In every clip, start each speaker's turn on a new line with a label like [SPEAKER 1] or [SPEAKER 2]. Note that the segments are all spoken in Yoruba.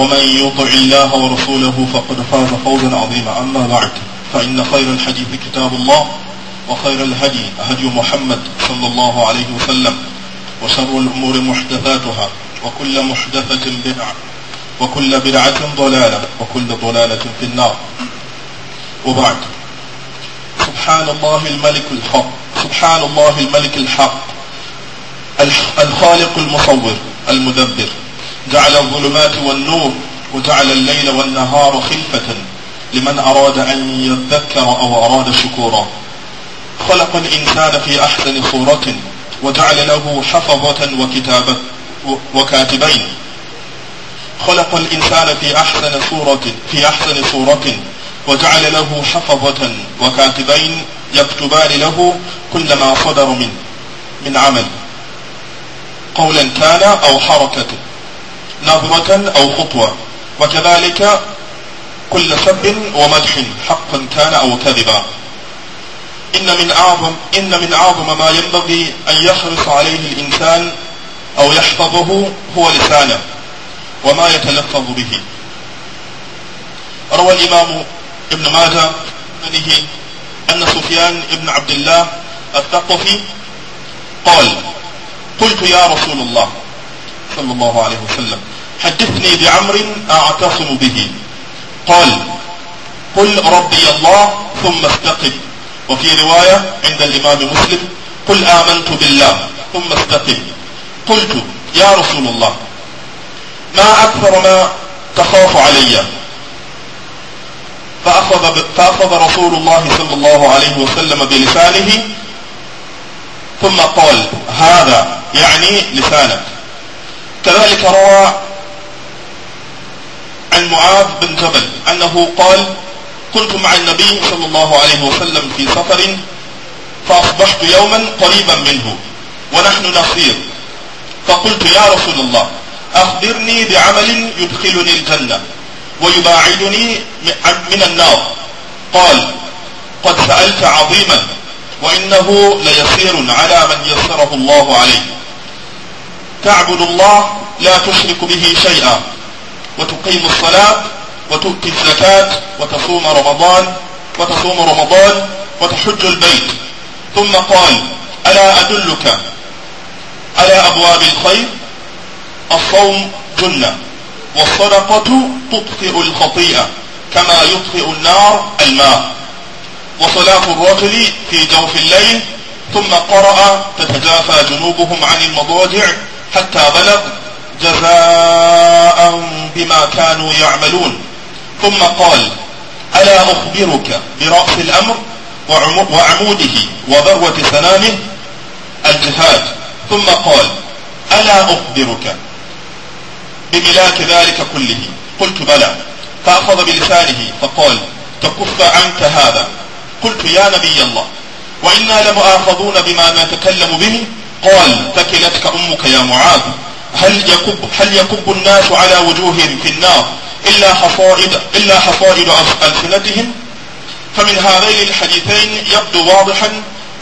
[SPEAKER 1] ومن يطع الله ورسوله فقد فاز فوزا عظيما أما بعد فإن خير الحديث كتاب الله وخير الهدي هدي محمد صلى الله عليه وسلم وشر الأمور محدثاتها وكل محدثة بدعة وكل بدعة ضلالة وكل ضلالة في النار وبعد سبحان الله الملك الحق سبحان الله الملك الحق الخالق المصور المدبر جعل الظلمات والنور وجعل الليل والنهار خلفة لمن أراد أن يذكر أو أراد شكورا خلق الإنسان في أحسن صورة وجعل له حفظة وكتابة وكاتبين خلق الإنسان في أحسن صورة في أحسن صورة وجعل له حفظة وكاتبين يكتبان له كل ما صدر منه من عمل قولا كان أو حركة نظمة أو خطوة وكذلك كل سب ومدح حقا كان أو كذبا إن من أعظم إن من أعظم ما ينبغي أن يحرص عليه الإنسان أو يحفظه هو لسانه وما يتلفظ به روى الإمام ابن ماجه أن سفيان ابن عبد الله الثقفي قال قلت يا رسول الله صلى الله عليه وسلم حدثني بعمر أعتصم به قال قل ربي الله ثم استقم وفي رواية عند الإمام مسلم قل آمنت بالله ثم استقم قلت يا رسول الله ما أكثر ما تخاف علي فأخذ, فأخذ رسول الله صلى الله عليه وسلم بلسانه ثم قال هذا يعني لسانك كذلك روى عن معاذ بن جبل أنه قال كنت مع النبي صلى الله عليه وسلم في سفر فأصبحت يوما قريبا منه ونحن نصير فقلت يا رسول الله أخبرني بعمل يدخلني الجنة ويباعدني من النار قال قد سألت عظيما وإنه ليسير على من يسره الله عليه تعبد الله لا تشرك به شيئا وتقيم الصلاة وتؤتي الزكاة وتصوم رمضان وتصوم رمضان وتحج البيت ثم قال ألا أدلك على أبواب الخير الصوم جنة والصدقة تطفئ الخطيئة كما يطفئ النار الماء وصلاة الرجل في جوف الليل ثم قرأ تتجافى جنوبهم عن المضاجع حتى بلغ جزاء بما كانوا يعملون ثم قال ألا أخبرك برأس الأمر وعموده وذروة سنامه الجهاد ثم قال ألا أخبرك بملاك ذلك كله قلت بلى فأخذ بلسانه فقال تكف عنك هذا قلت يا نبي الله وإنا لمؤاخذون بما نتكلم به قال ثكلتك أمك يا معاذ هل يكب, هل يكب الناس على وجوههم في النار إلا حصائد, إلا حصائد ألسنتهم فمن هذين الحديثين يبدو واضحا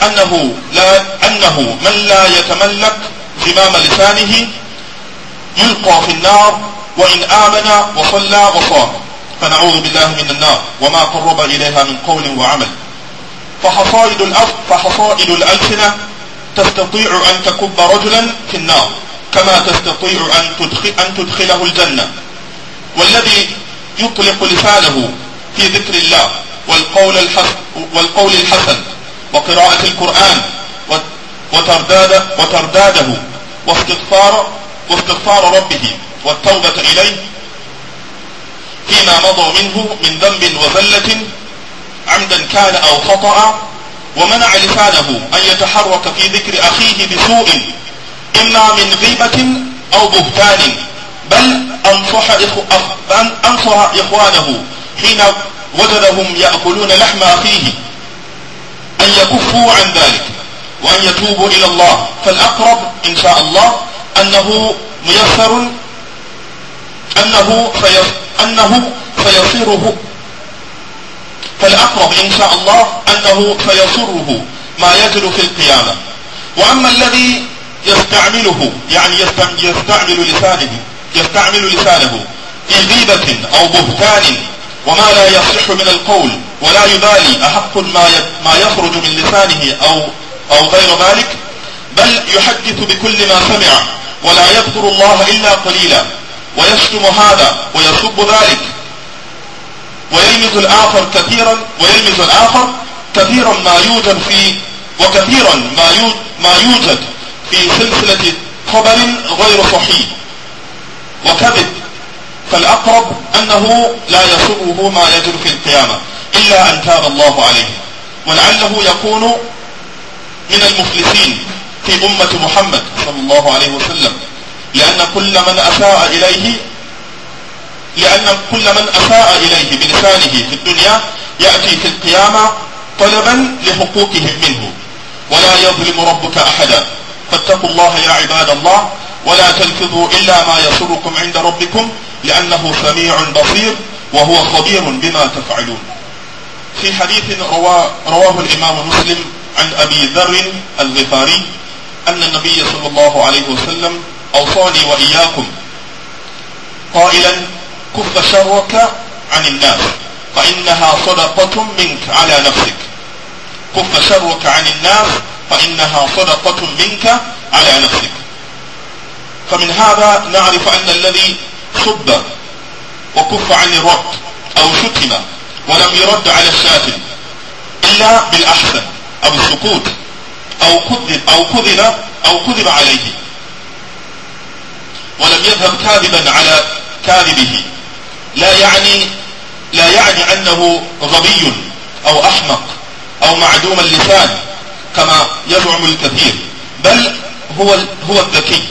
[SPEAKER 1] أنه, لا أنه من لا يتملك زمام لسانه يلقى في النار وإن آمن وصلى وصام فنعوذ بالله من النار وما قرب إليها من قول وعمل فحصائد, فحصائد الألسنة تستطيع أن تكب رجلا في النار كما تستطيع أن, تدخل أن تدخله الجنة والذي يطلق لسانه في ذكر الله والقول الحسن, والقول الحسن وقراءة القرآن وترداد وترداده واستغفار واستغفار ربه والتوبة إليه فيما مضى منه من ذنب وزلة عمدا كان أو خطأ ومنع لسانه أن يتحرك في ذكر أخيه بسوء إما من غيبة أو بهتان بل أنصح, أنصح إخوانه حين وجدهم يأكلون لحم أخيه أن يكفوا عن ذلك وأن يتوبوا إلى الله فالأقرب إن شاء الله أنه ميسر أنه, أنه سيصيره فالأقرب إن شاء الله أنه سيسره ما يجد في القيامة وأما الذي يستعمله يعني يستعمل لسانه يستعمل لسانه في غيبة أو بهتان وما لا يصح من القول ولا يبالي أحق ما ما يخرج من لسانه أو أو غير ذلك بل يحدث بكل ما سمع ولا يذكر الله إلا قليلا ويشتم هذا ويسب ذلك ويلمز الآخر كثيرا ويلمز الآخر كثيرا ما يوجد في وكثيرا ما ما يوجد في سلسلة خبر غير صحيح وكذب فالأقرب أنه لا يسره ما يجر في القيامة إلا أن تاب الله عليه ولعله يكون من المفلسين في أمة محمد صلى الله عليه وسلم لأن كل من أساء إليه لأن كل من أساء إليه بلسانه في الدنيا يأتي في القيامة طلبا لحقوقهم منه ولا يظلم ربك أحدا فاتقوا الله يا عباد الله ولا تنفذوا إلا ما يسركم عند ربكم لأنه سميع بصير وهو خبير بما تفعلون في حديث رواه, رواه الإمام مسلم عن أبي ذر الغفاري أن النبي صلى الله عليه وسلم أوصاني وإياكم قائلا كف شرك عن الناس فإنها صدقة منك على نفسك كف شرك عن الناس فإنها صدقة منك على نفسك فمن هذا نعرف أن الذي صب وكف عن الرد أو شتم ولم يرد على الشاتم إلا بالأحسن أو السكوت أو كذب أو كذب أو كذب عليه ولم يذهب كاذبا على كاذبه لا يعني لا يعني أنه غبي أو أحمق أو معدوم اللسان كما يزعم الكثير بل هو هو الذكي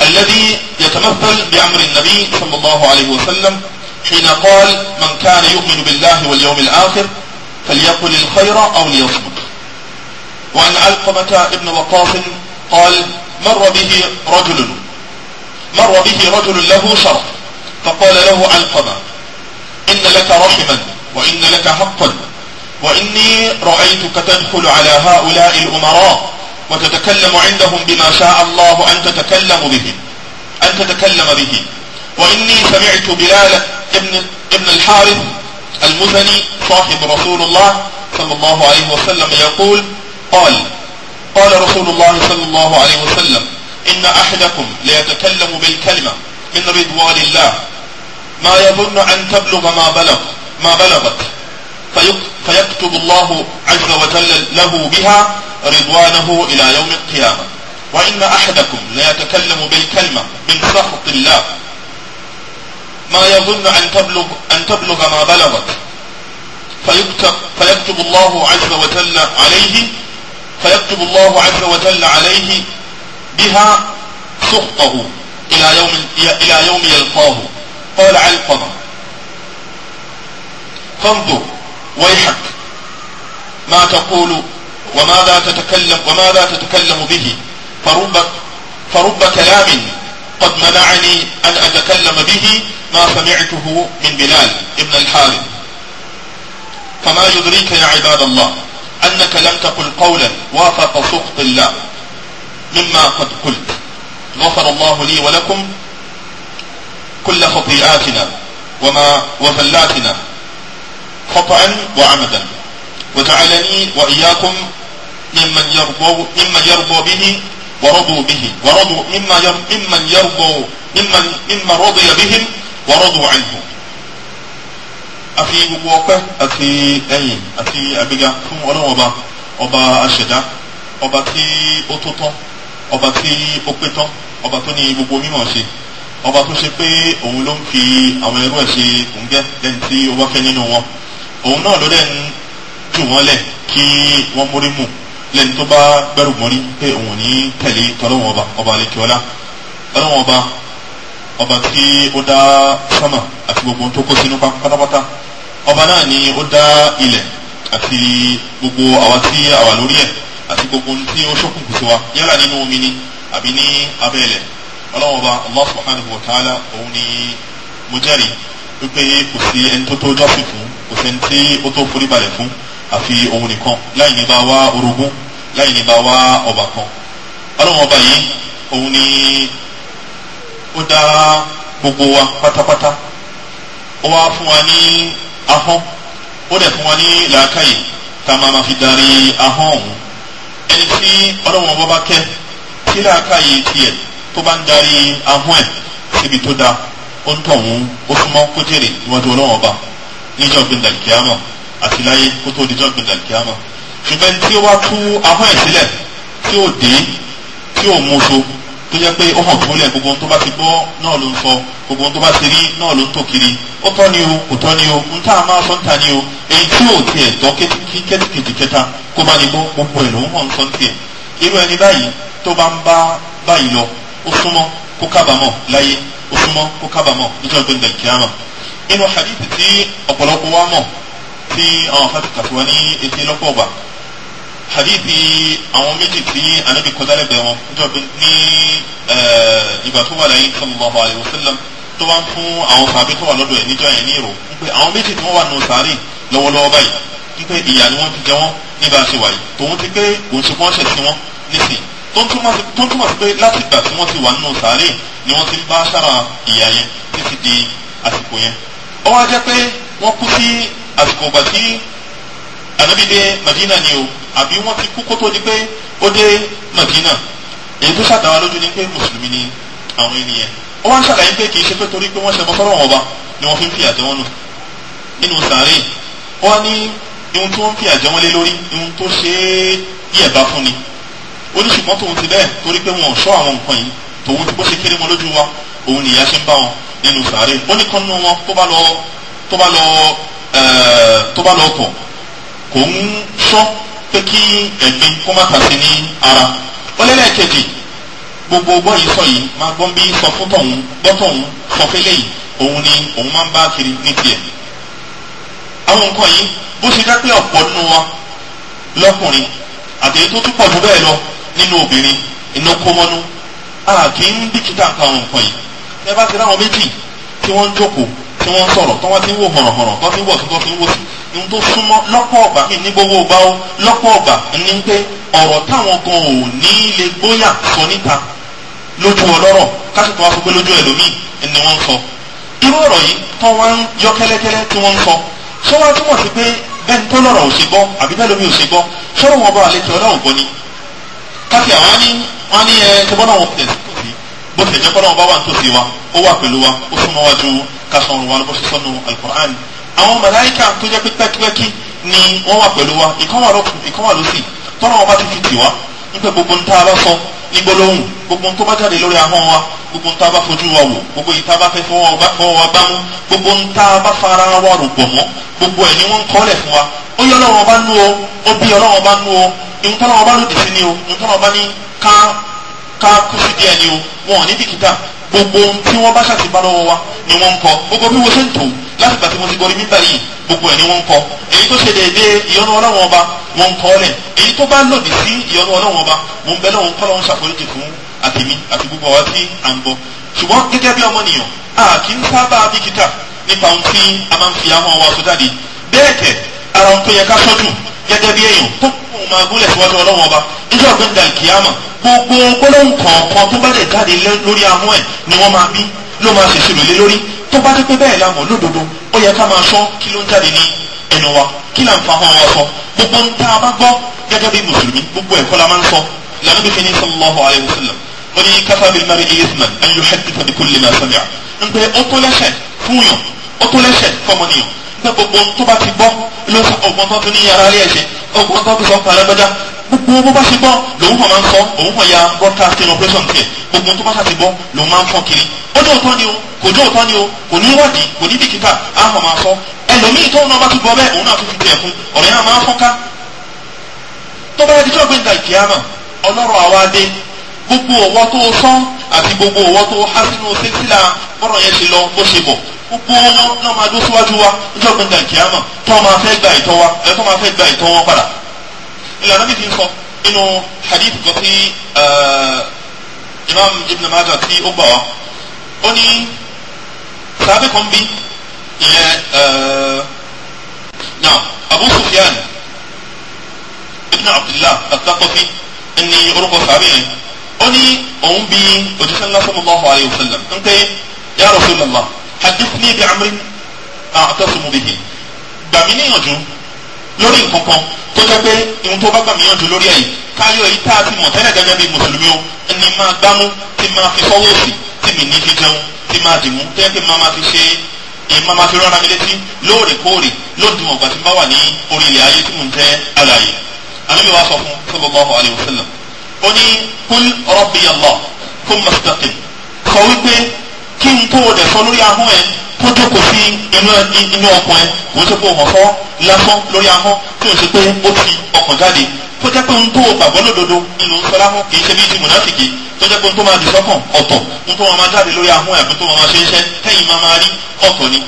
[SPEAKER 1] الذي يتمثل بأمر النبي صلى الله عليه وسلم حين قال من كان يؤمن بالله واليوم الآخر فليقل الخير أو ليصمت وأن علقمة ابن وقاص قال مر به رجل مر به رجل له شرف فقال له علقمة إن لك رحما وإن لك حقا وإني رأيتك تدخل على هؤلاء الأمراء وتتكلم عندهم بما شاء الله أن تتكلم به أن تتكلم به وإني سمعت بلال ابن, ابن الحارث المزني صاحب رسول الله صلى الله عليه وسلم يقول قال قال رسول الله صلى الله عليه وسلم إن أحدكم ليتكلم بالكلمة من رضوان الله ما يظن أن تبلغ ما بلغ ما بلغك فيكتب الله عز وجل له بها رضوانه إلى يوم القيامة وإن أحدكم ليتكلم بالكلمة من سخط الله ما يظن أن تبلغ, أن تبلغ ما بلغك فيكتب, فيكتب الله عز وجل عليه فيكتب الله عز وجل عليه بها سخطه إلى يوم, إلى يوم يلقاه قال علقمة فانظر ويحك ما تقول وماذا تتكلم وماذا تتكلم به فرب فرب كلام قد منعني أن أتكلم به ما سمعته من بلال ابن الحارث فما يدريك يا عباد الله أنك لم تقل قولا وافق سخط الله مما قد قلت غفر الله لي ولكم كل خطيئاتنا وما وفلاتنا خطأ وعمدا وجعلني وإياكم ممن يرضوا ممن يرضى به ورضوا به ورضوا مما ير ممن يرضوا ممن مما رضي بهم ورضوا عنه afi gbogbo ọpẹ́ àti ẹyìn أبيجا àgbéga أنا أبا أبا ọba أبا ọba أتوتو أبا tó tán أبا tí ó pé tán ọba tó ṣe pé òun ló ń fi àwọn ẹrú ẹ̀ ṣe kòńgẹ́ lẹ́ni tí ó wá fẹ́ nínú wọn òun náà ló dẹ̀ ń jù wọ́n lẹ̀ kí wọ́n mórí mù lẹ́ni tó bá gbẹ́rù mọ́rí pé òun ní tẹ̀lé tọ́lọ́wọ́n ọba ọba alekiola ọlọ́wọ́n ọba ọba tí ó dá sámà àti gbogbo tó kó sínú pátápátá ọba náà ni ó dá ilẹ̀ àti gbogbo àwa tí àwa lórí ẹ̀ àti gbogbo tí ó ṣókùnkùn sí wa yálà nínú omi ni àbí ní abẹ́ ilẹ̀ ọlọ́wọ́n bá Allah subhanahu wa ta'ala òun ni mo jẹ́rìí wípé kò sí ẹni tó tó jọ́sìn fún kò sí ẹni tí ó tó forí balẹ̀ fún àfi òun nìkan láì ní bá wá orogún láì ní bá wá ọba kan ọlọ́wọ́n bá yìí òun ni ó dá gbogbo wa pátápátá ó wá fún wa ní ahọ́n ó dẹ̀ fún wa ní làákàyè tá máa ma fi darí ahọ́n òun ẹni tí ọlọ́wọ́n bá kẹ́ tí làákàyè tiẹ̀ tó bá ń darí ahọ́n ẹ̀ síbi tó dáa ó ń tọ̀hún ó súnmọ́ kó jèrè níwájú ọlọ́wọ́n ọba níjọ́ gbẹ̀ndà kíámà àti láyé kó tó níjọ́ gbẹ̀ndà kíámà ṣùgbọ́n tí ó wá tú ahọ́n ẹ̀ sílẹ̀ tí ó dé tí ó mú so tó jẹ́ pé ó hàn tó lẹ̀ gbogbo tó bá ti gbọ́ náà ló ń sọ gbogbo tó bá ti rí náà ló ń tò kiri ó tọ́ ni o kò tọ́ ni o ń tá a máa sọ ń ta ni o èyí tí ò tiẹ̀ tọ́ kẹ́tìkẹ́tì kẹta kó bá ní gbọ́ gbogbo ẹ̀ ló ń hàn sọ ń tiẹ̀ irú ẹni báyìí tó bá ń bá báyìí lọ ó súnmọ́ kó kábàámọ̀ láyé ó súnmọ́ kó kábàámọ̀ níjọ́ gbẹ̀ndà kíámà inú hadith tí ọ̀pọ̀lọpọ̀ wa mọ̀ tí àwọn afáàtì kàtúwá ní etí lọ́pọ̀ ọ̀gbà hadith àwọn méjì tí anabi kọjá lẹ́gbẹ̀ẹ́ wọn níjọ́ ní eh, ìgbà tó wà láyé sallallahu alayhi wa sallam tó wá ń fún àwọn sàbí tó wà lọ́dọ̀ ẹ̀ níjọ́ yẹn ní ìrò wípé àwọn méjì tí wọ́n wà nù sàárì lọ́wọ́lọ́wọ́ báyìí wípé ìyà ni wọ́n ti jẹ wọ́n ní bá yìí tòun ti pé òun ṣe kọ́ ṣẹ̀ sí wọn nísìnyí tó túmọ̀ sí pé láti ìgbà tí wọ́n ti wà nínú sàárè ni wọ́n ti ń bá sára ìyá yẹn títí di àsìkò yẹn ó wá jẹ́ pé wọ́n kú sí àsìkò ìgbà tí ànábì dé Madina ni o àbí wọ́n ti kú kó tó di pé ó dé Madina èyí tó ṣàdáwà lójú ni pé mùsùlùmí ni àwọn ènìyàn ó wá ń ṣàlàyé pé kì í ṣe pé torí pé wọ́n ṣe bọ́sọ́rọ̀ wọn ọba ni wọ́n fi ń fìyà jẹ wọ́n nù nínú sàárè ó wá ní ihun tó ń fìyà jẹ wọ́n lé lórí ihun tó ṣe é yẹ̀bá fún ni ó ní ṣùgbọ́n tòun ti bẹ́ẹ̀ torí pé wọn ò sọ àwọn nǹkan yìí tòun ti bó ṣe kéré wọn lójú wa òun nìyá ṣe ń bá wọn nínú sàárè ó ní kan nínú wọn tó bá lọ tó kò ń sọ pé kí ẹ̀gbin kó má kàsí ní ara ó lẹ́lẹ́kejì gbogbo ọgbọ́n yìí sọ yìí máa gbọ́n bí sọ fún tọ̀hún gbọ́ tọ̀hún sọ fẹ́lẹ́ yìí òun ni òun máa ń bá kiri ní tiẹ̀ àwọn nǹkan yìí bó ṣe dá pé ọ̀pọ̀ nínú wa lọ́kùnrin àtẹ̀yẹ tó tún pọ̀ bẹ́ẹ̀ lọ nínú obìnrin iná kó mọ́nú a kì í bìkítà nǹkan àwọn nǹkan yìí ẹ bá ti ráwọn méjì tí wọ́n ń jókòó tí wọ́n ń sọ̀rọ̀ tí wọ́n ti ń wò hànàhànà tí wọ́n ti ń wò sí tí wọ́n ti ń wò sí ní tó súnmọ́ lọ́pọ̀ ọ̀gbà kí ní gbogbo ọgbà ó lọ́pọ̀ ọ̀gbà ní pé ọ̀rọ̀ táwọn gan ò ní lè gbóyà sọ níta lójú ọlọ́rọ̀ kásìkò wá sọ pé lójú ẹlòmíì ni wọ́n ń sọ irú ọ̀rọ̀ yìí tó wọ́n ń yọ kẹ́lẹ́kẹ́lẹ́ tí wọ́n ń sọ sọ wá túmọ̀ sí pé bẹ́ẹ̀ tó lọ́rọ̀ ò sí gbọ́ àbí bẹ́ẹ̀ lómi ò sí gbọ́ sọ́rọ̀ wọn bá wa létí ọlọ́run gbọ́ ni kásì àwọn ní wọn ní ẹ tó bọ́dọ̀ wọn kò tẹ̀sí tòsí bó tilẹ̀ jẹ́ bọ́dọ̀ wọn bá wà nítòsí wa ó wà pẹ̀lú wa ó súnmọ́ wájú kásán wa lọ́bọ̀ sísọ́nù alukur'an àwọn màláíkà tó jẹ́ pé ni wọ́n wà pẹ̀lú wa ìkọ́wà lọ́sì tọ́lọ́wọ́n bá ti fi tì wá nípa gbogbo ń tá a bá sọ ní gbólóhùn gbogbo ń jáde lórí ahọ́n wa gbogbo ń a bá fojú wa wò gbogbo ìta bá fẹ́ fọwọ́ wa gbámú gbogbo ń a bá fara wa rò pọ̀ gbogbo ẹ̀ ni wọ́n ń kọ́lẹ̀ fún wa ó yẹ ọlọ́run ọba nú o ó bí ọlọ́run ọba nú o ìhun tọ́lọ́run ọba lòdì sí ni o ìhun ọba ní ká ká kú sí díẹ̀ ni o wọn ò ní bìkítà gbogbo tí wọ́n bá ṣàtìbá lọ́wọ́ wa ni wọ́n ń kọ gbogbo bí wọ́n ṣe ń tò láti gbà tí mo ti gbọ́ ní bíbá yìí gbogbo ẹ̀ ni wọ́n ń kọ èyí tó ṣe déédé ìyọ́nú ọlọ́wọ́n ọba wọ́n ń kọ́ lẹ̀ èyí tó bá lòdì sí ìyọ́nú ọlọ́wọ́n ọba mo ń bẹ lọ́wọ́n kọ́ lọ́wọ́n ṣàforíjì fún àtìmí àti gbogbo àwa tí à ń bọ̀ ṣùgbọ́n gẹ́gẹ́ bí ọmọnìyàn a kì í sábà bìkítà nípa ohun tí a máa ń fi àwọn wa sọ jáde bẹ́ẹ̀ kẹ̀ ara ń tó yẹ ká sọ́tù gẹ́gẹ́ bí èèyàn tó kún máa gúnlẹ̀ síwájú ọlọ́wọ́n ọba níjọ́ gbẹ̀ngà ìkìyàmọ̀ gbogbo gbólóhùn kọ̀ọ̀kan tó bá lè jáde lórí amú ẹ̀ ni wọ́n máa bí ló máa ṣèṣe lòlé lórí tó bá dé pé bẹ́ẹ̀ la mọ̀ lódodo ó yẹ ká máa sọ kí ló ń jáde ní ẹnu wa kí là ń fa hàn wa sọ gbogbo ń tá a bá gbọ́ gẹ́gẹ́ bí mùsùlùmí gbogbo ẹ̀kọ́ la máa ń sọ lànà bí fini sallallahu alayhi wa sallam wọ́n ní kafa bil mari isman an yuhadditha bi kulli ma sami'a ń pẹ́ pé gbogbo tó bá ti gbọ́ ló sọ ọgbọ́n tó fi ní yàrá rí ẹ̀ṣẹ̀ ọgbọ́n tó fi sọ pa alágbájá gbogbo bó bá ṣe gbọ́ lòun kàn máa ń sọ òun kàn ya broadcasting operation tiẹ̀ gbogbo tó bá ṣàti gbọ́ lòun máa ń fọ́n kiri ó dóòtọ́ ni o kò dóòtọ́ ni o kò ní wádìí kò ní bìkítà á kàn máa sọ ẹlòmíì tó náà bá tún gbọ́ bẹ́ẹ̀ òun náà tún fi tiẹ̀ fún ọ̀rẹ́ yẹn máa ń fọ́nká tó bá yẹtí tó gbé nǹkan ìkíyàmà ọlọ́rọ̀ àwa dé gbogbo ọwọ́ tó sán àti gbogbo ọwọ́ tó há sínú sísílà bọ́rọ̀ yẹn ṣe lọ bó ṣe bọ̀ gbogbo wọn náà máa dúró síwájú wa níjọ́ gbẹ̀ngà ìkíyàmà tó máa fẹ́ gba ìtọ́ wa ẹ̀ tó máa fẹ́ gba ìtọ́ wọn padà ìlànà bí ti ń sọ nínú hadith kan tí Imam Ibn Majah tí ó gbà wá ó ní sàbẹ̀ kan bí ìyẹn náà Abu Sufyan ibn Abdullah al-Thaqafi orúkọ sàbẹ̀ yẹn ó ní òun bí òjíṣẹ́ ńlá sallallahu alayhi wa sallam ń pẹ́ ya Rasulullah hadithni bi amri a'tasimu bihi gbà mí níyànjú lórí nǹkan kan tó jẹ́ pé ohun tó bá gbà mí níyànjú lórí ẹ̀yìn káyọ̀ yìí tá a ti mọ̀ tẹ́lẹ̀ gẹ́gẹ́ bí mùsùlùmí o ẹni máa gbámú tí máa fi sọ́wọ́ sí tí mi ní fi jẹun tí máa dìmú tẹ́ pé máa máa fi ṣe èyí máa máa fi rán ara mi létí lóòrèkóòrè lóòdùn ọ̀gbà tí bá wà ní orí ilẹ̀ ayé tí mò ń jẹ́ alàyè àlọ́mí wa sọ fún sallallahu alayhi wa sallam ó ní kul rabbi Allah kó mọ̀ sí kí n tó o dẹ̀ fọ́ lórí ahọ́n ẹ kó jókòó sí inú inú ọkàn ẹ kò tó kó o mọ̀ fọ́ lásán lórí ahọ́n kí o ṣe pé ó ti ọkàn jáde kó jẹ́ pé n tó o gbàgbọ́ lódodo nínú sọlá hàn kì í ṣe bí ti mùnáfìkì tó jẹ́ pé n tó máa dùsọ́kàn ọ̀tọ̀ n tó máa jáde lórí ahọ́n ẹ̀ tó máa ṣe iṣẹ́ tẹ́yìn máa máa rí ọ̀tọ̀ ni